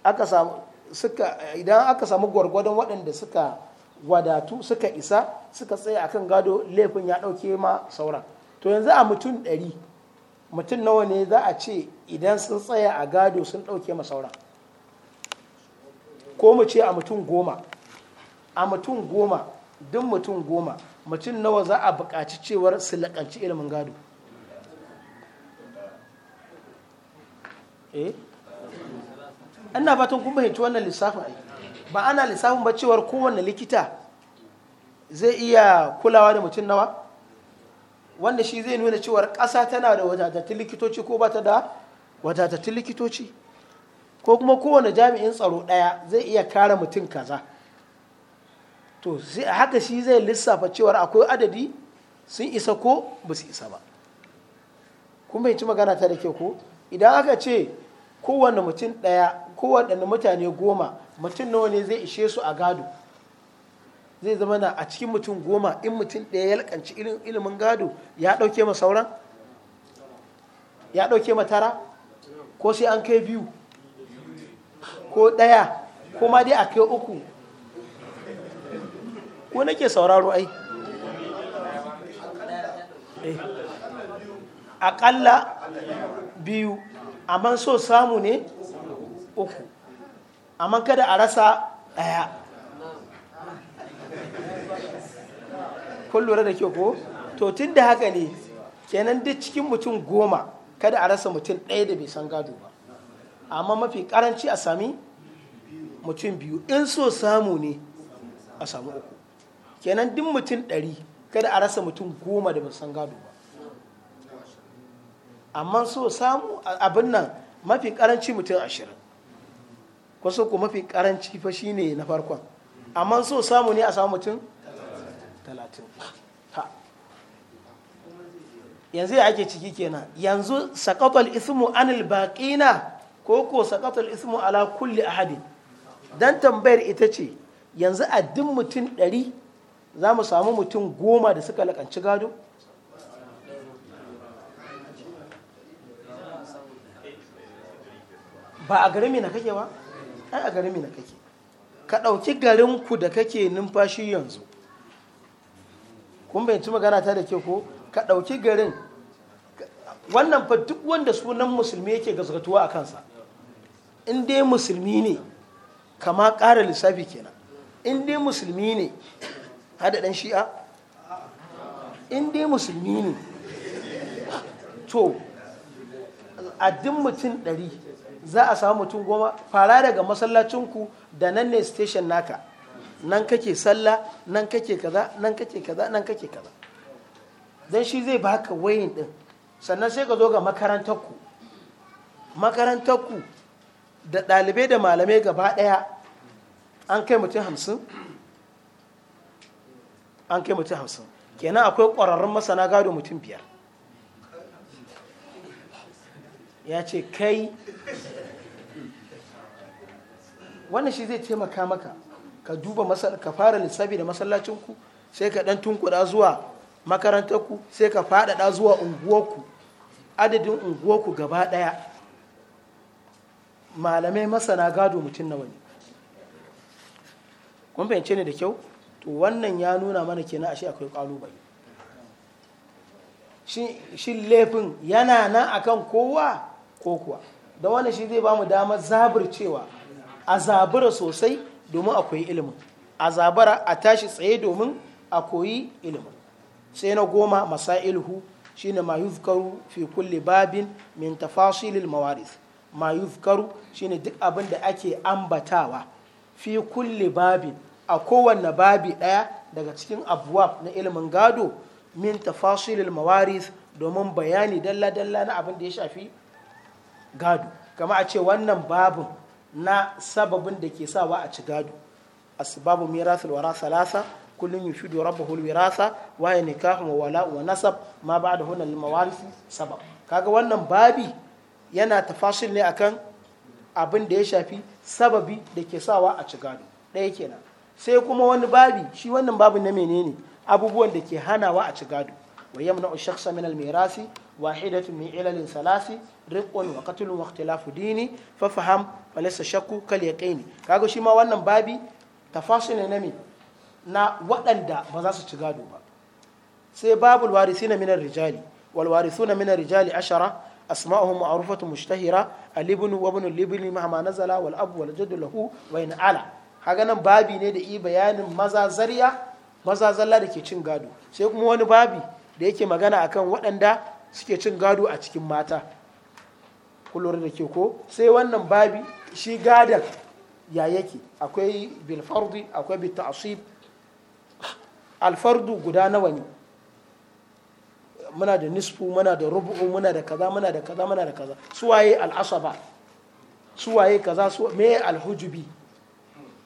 aka samu suka idan aka samu gwargwadon waɗanda suka wadatu suka isa suka tsaye akan gado laifin ya ɗauke ma sauran to yanzu a mutum ɗari mutum nawa ne za a ce idan sun tsaya a gado sun ɗauke masauran ko mu ce a mutum goma a mutum goma duk mutum goma mutum nawa za a buƙaci cewar su laƙanci ilimin gado eh ina fatan kun fahimci wannan lissafin ai ba ana lissafin ba cewar kowane likita zai iya kulawa da mutum nawa wanda shi zai nuna cewa ƙasa tana da wadatattun likitoci ko ba ta da wadatattun likitoci ko kuma kowane jami'in tsaro ɗaya zai iya kare mutum kaza to haka shi zai lissafa cewa akwai adadi sun isa ko ba su isa ba kun bai magana ta da ke ko idan aka ce kowane mutum ɗaya kowane mutane goma mutum nawa ne zai ishe su a gado zai zama na a cikin mutum goma in mutum ɗaya ya lakanci ilimin gado ya ɗauke ma sauran ya ɗauke ma tara ko sai an kai biyu ko ɗaya ko ma dai a kai uku ko nake sauraro ai eh. aƙalla biyu amma so samu ne uku amma kada a rasa ɗaya kun lura da kyau ko to tun da haka ne kenan duk cikin mutum goma kada a rasa mutum ɗaya da bai san gado ba amma mafi karanci a sami mutum biyu in so samu ne a samu uku kenan duk mutum ɗari kada a rasa mutum goma da bai san gado ba amma so samu abin nan mafi karanci mutum ashirin kwaso ko mafi karanci fa shine na farkon amma so samu ne a samu mutum talatin ha yanzu ya ake ciki kenan yanzu sakatul ismu anil baqina ko ko sakatul ismu ala kulli ahadin dan tambayar ita ce yanzu a duk mutum ɗari za mu samu mutum goma da suka lakanci gado ba a garin na kake ba ai a garin na kake ka ɗauki garinku da kake numfashi yanzu kun bayanci magana ta da ke ko ka ɗauki garin wannan fa duk wanda sunan musulmi yake gazgatuwa a kansa in dai musulmi ne kama ƙara lissafi kenan in dai musulmi ne hada ɗan shi'a in dai musulmi ne to addin mutum ɗari za a samu mutum goma fara daga masallacinku da nan ne station naka nan kake sallah nan kake kaza nan kake kaza nan kake kaza dan shi zai baka wayin din sannan sai ka zo ga makarantar ku makarantar ku da dalibai da malamai gaba daya an kai mutum hamsin an kai mutum hamsin kenan akwai ƙwararrun masana gado mutum biyar ya ce kai wannan shi zai taimaka maka ka duba ka fara lissafi da masallacinku sai ka dan tunkuda zuwa makarantarku sai ka faɗaɗa zuwa unguwarku adadin unguwarku gaba ɗaya malamai masana gado mutum nawa ne kun fahimce ne da kyau to wannan ya nuna mana kenan ashe akwai ƙalubale shin laifin yana na akan kowa ko kuwa da wannan shi zai ba mu damar zabircewa a zabira sosai domin a koyi ilimin a zabara a tashi tsaye domin a koyi ilimin sai na goma masailuhu shine ma yuzkaru fi kulli babin min tafasilil mawaris ma yuzkaru shine duk abin da ake ambatawa fi kulli babin a kowanne babi daya daga cikin abuwa na ilimin gado min tafasilil mawaris domin bayani dalla-dalla na abin da ya shafi gado kama a ce wannan babin na sababin da ke sawa a ci gado asbabu mirasul wara salasa kullun yushidu rabbahu alwirasa wa ya nikahu wa wala wa nasab ma ba'da hunna lil sabab kaga wannan babi yana tafashin ne akan abin da ya shafi sababi da ke sawa a ci gado ɗaya kenan sai kuma wani babi shi wannan babu na menene abubuwan da ke hanawa a ci gado wa yamna'u shakhsa min almirasi واحدة من علل ثلاث رق وقتل واختلاف ديني ففهم فليس الشك كاليقين كاغو شيما wannan babi tafasil ne na waɗanda ba za su ci gado ba sai babul warisina minar rijali wal warisuna minar rijali ashara asma'uhum ma'rufatun mushtahira al ibn wa ibn al ibn mahma nazala wal ab wal jadd lahu wa in ala kaga nan babi ne da i bayanin maza zariya maza zalla da ke cin gado sai kuma wani babi da yake magana akan waɗanda suke cin gado a cikin mata kullum da ke ko sai wannan babi shi gadon ya yake akwai bilfardi akwai ta'asib alfardu guda nawa ne muna da nisfu muna da rubu'u muna da kaza muna da kaza muna da kaza suwaye al'asaba suwaye kaza su me alhujubi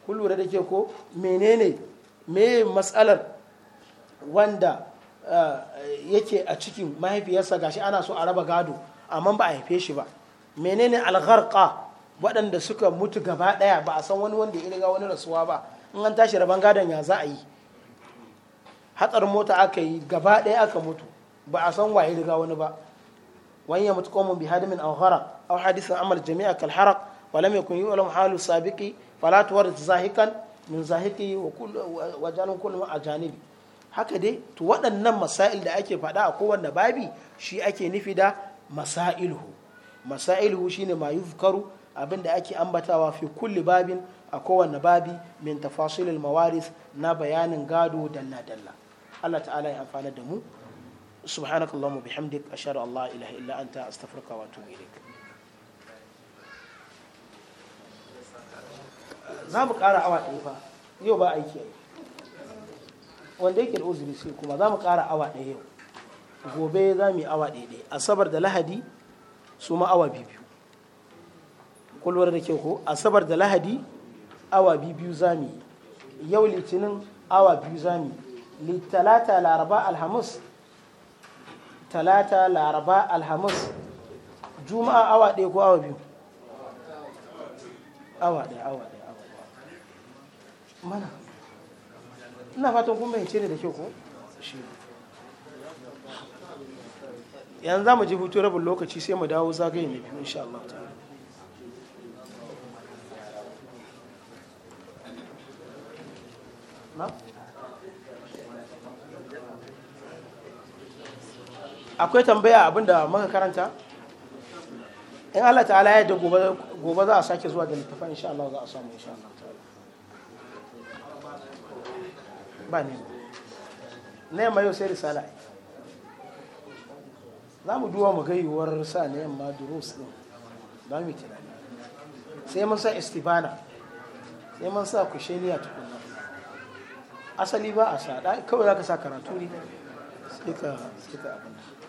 kun da ke ko menene me matsalar wanda Eh, yake a cikin mahaifiyarsa gashi ana so a raba gado amma ba a haife shi ba menene algharqa waɗanda suka mutu gaba ɗaya ba a san wani wanda ya riga wani rasuwa ba in an tashi raban gadon ya za a yi hatsar mota aka yi gaba ɗaya aka mutu ba a san waye riga wani ba wani ya mutu komun bi hadimin aw gharaq aw hadithan amal jami'a kal haraq wa lam yakun yu'lam halu sabiqi fala tuwar zahikan min zahiqi wa kullu wa jalun kullu haka dai to waɗannan masail da ake faɗa a kowanne babi shi ake nufi da masailuhu masailuhu shine ma yufkaru abin da ake ambatawa fi kulli babin a kowanne babi min tafasilil mawaris na bayanin gado dalla dalla Allah ta'ala ya amfana da mu subhanakallahumma bihamdik ashhadu an la ilaha illa anta astaghfiruka wa atubu ilaik za mu ƙara awa ɗaya fa yau ba aiki a wanda yake da uzuri sai kuma za mu ƙara awa ɗaya yau gobe za mu yi awa ɗaya ɗaya asabar da lahadi su ma awa biyu biyu kulwar da kyau ko asabar da lahadi awa biyu biyu za mu yi yau litinin awa biyu za mu yi talata laraba alhamis talata laraba alhamis juma'a awa ɗaya ko awa biyu awa ɗaya awa ɗaya awa ɗaya mana ina fatan kun bayyance ne da kyau ko shi yanzu za mu ji hutu rabin lokaci sai mu dawo zagaye ne biyu insha Allah ta'ala akwai tambaya abinda maka karanta in Allah ta'ala ya yi da gobe za a sake zuwa da littafa insha Allah za a samu insha Allah ba ne na yau sai risala za mu duwa mu ga yiwuwar sa na yamma durus din ba mu sai mun sa istibana sai mun sa kusheniya tukuna asali ba a sa kawai za ka sa karatu ne sai ka abin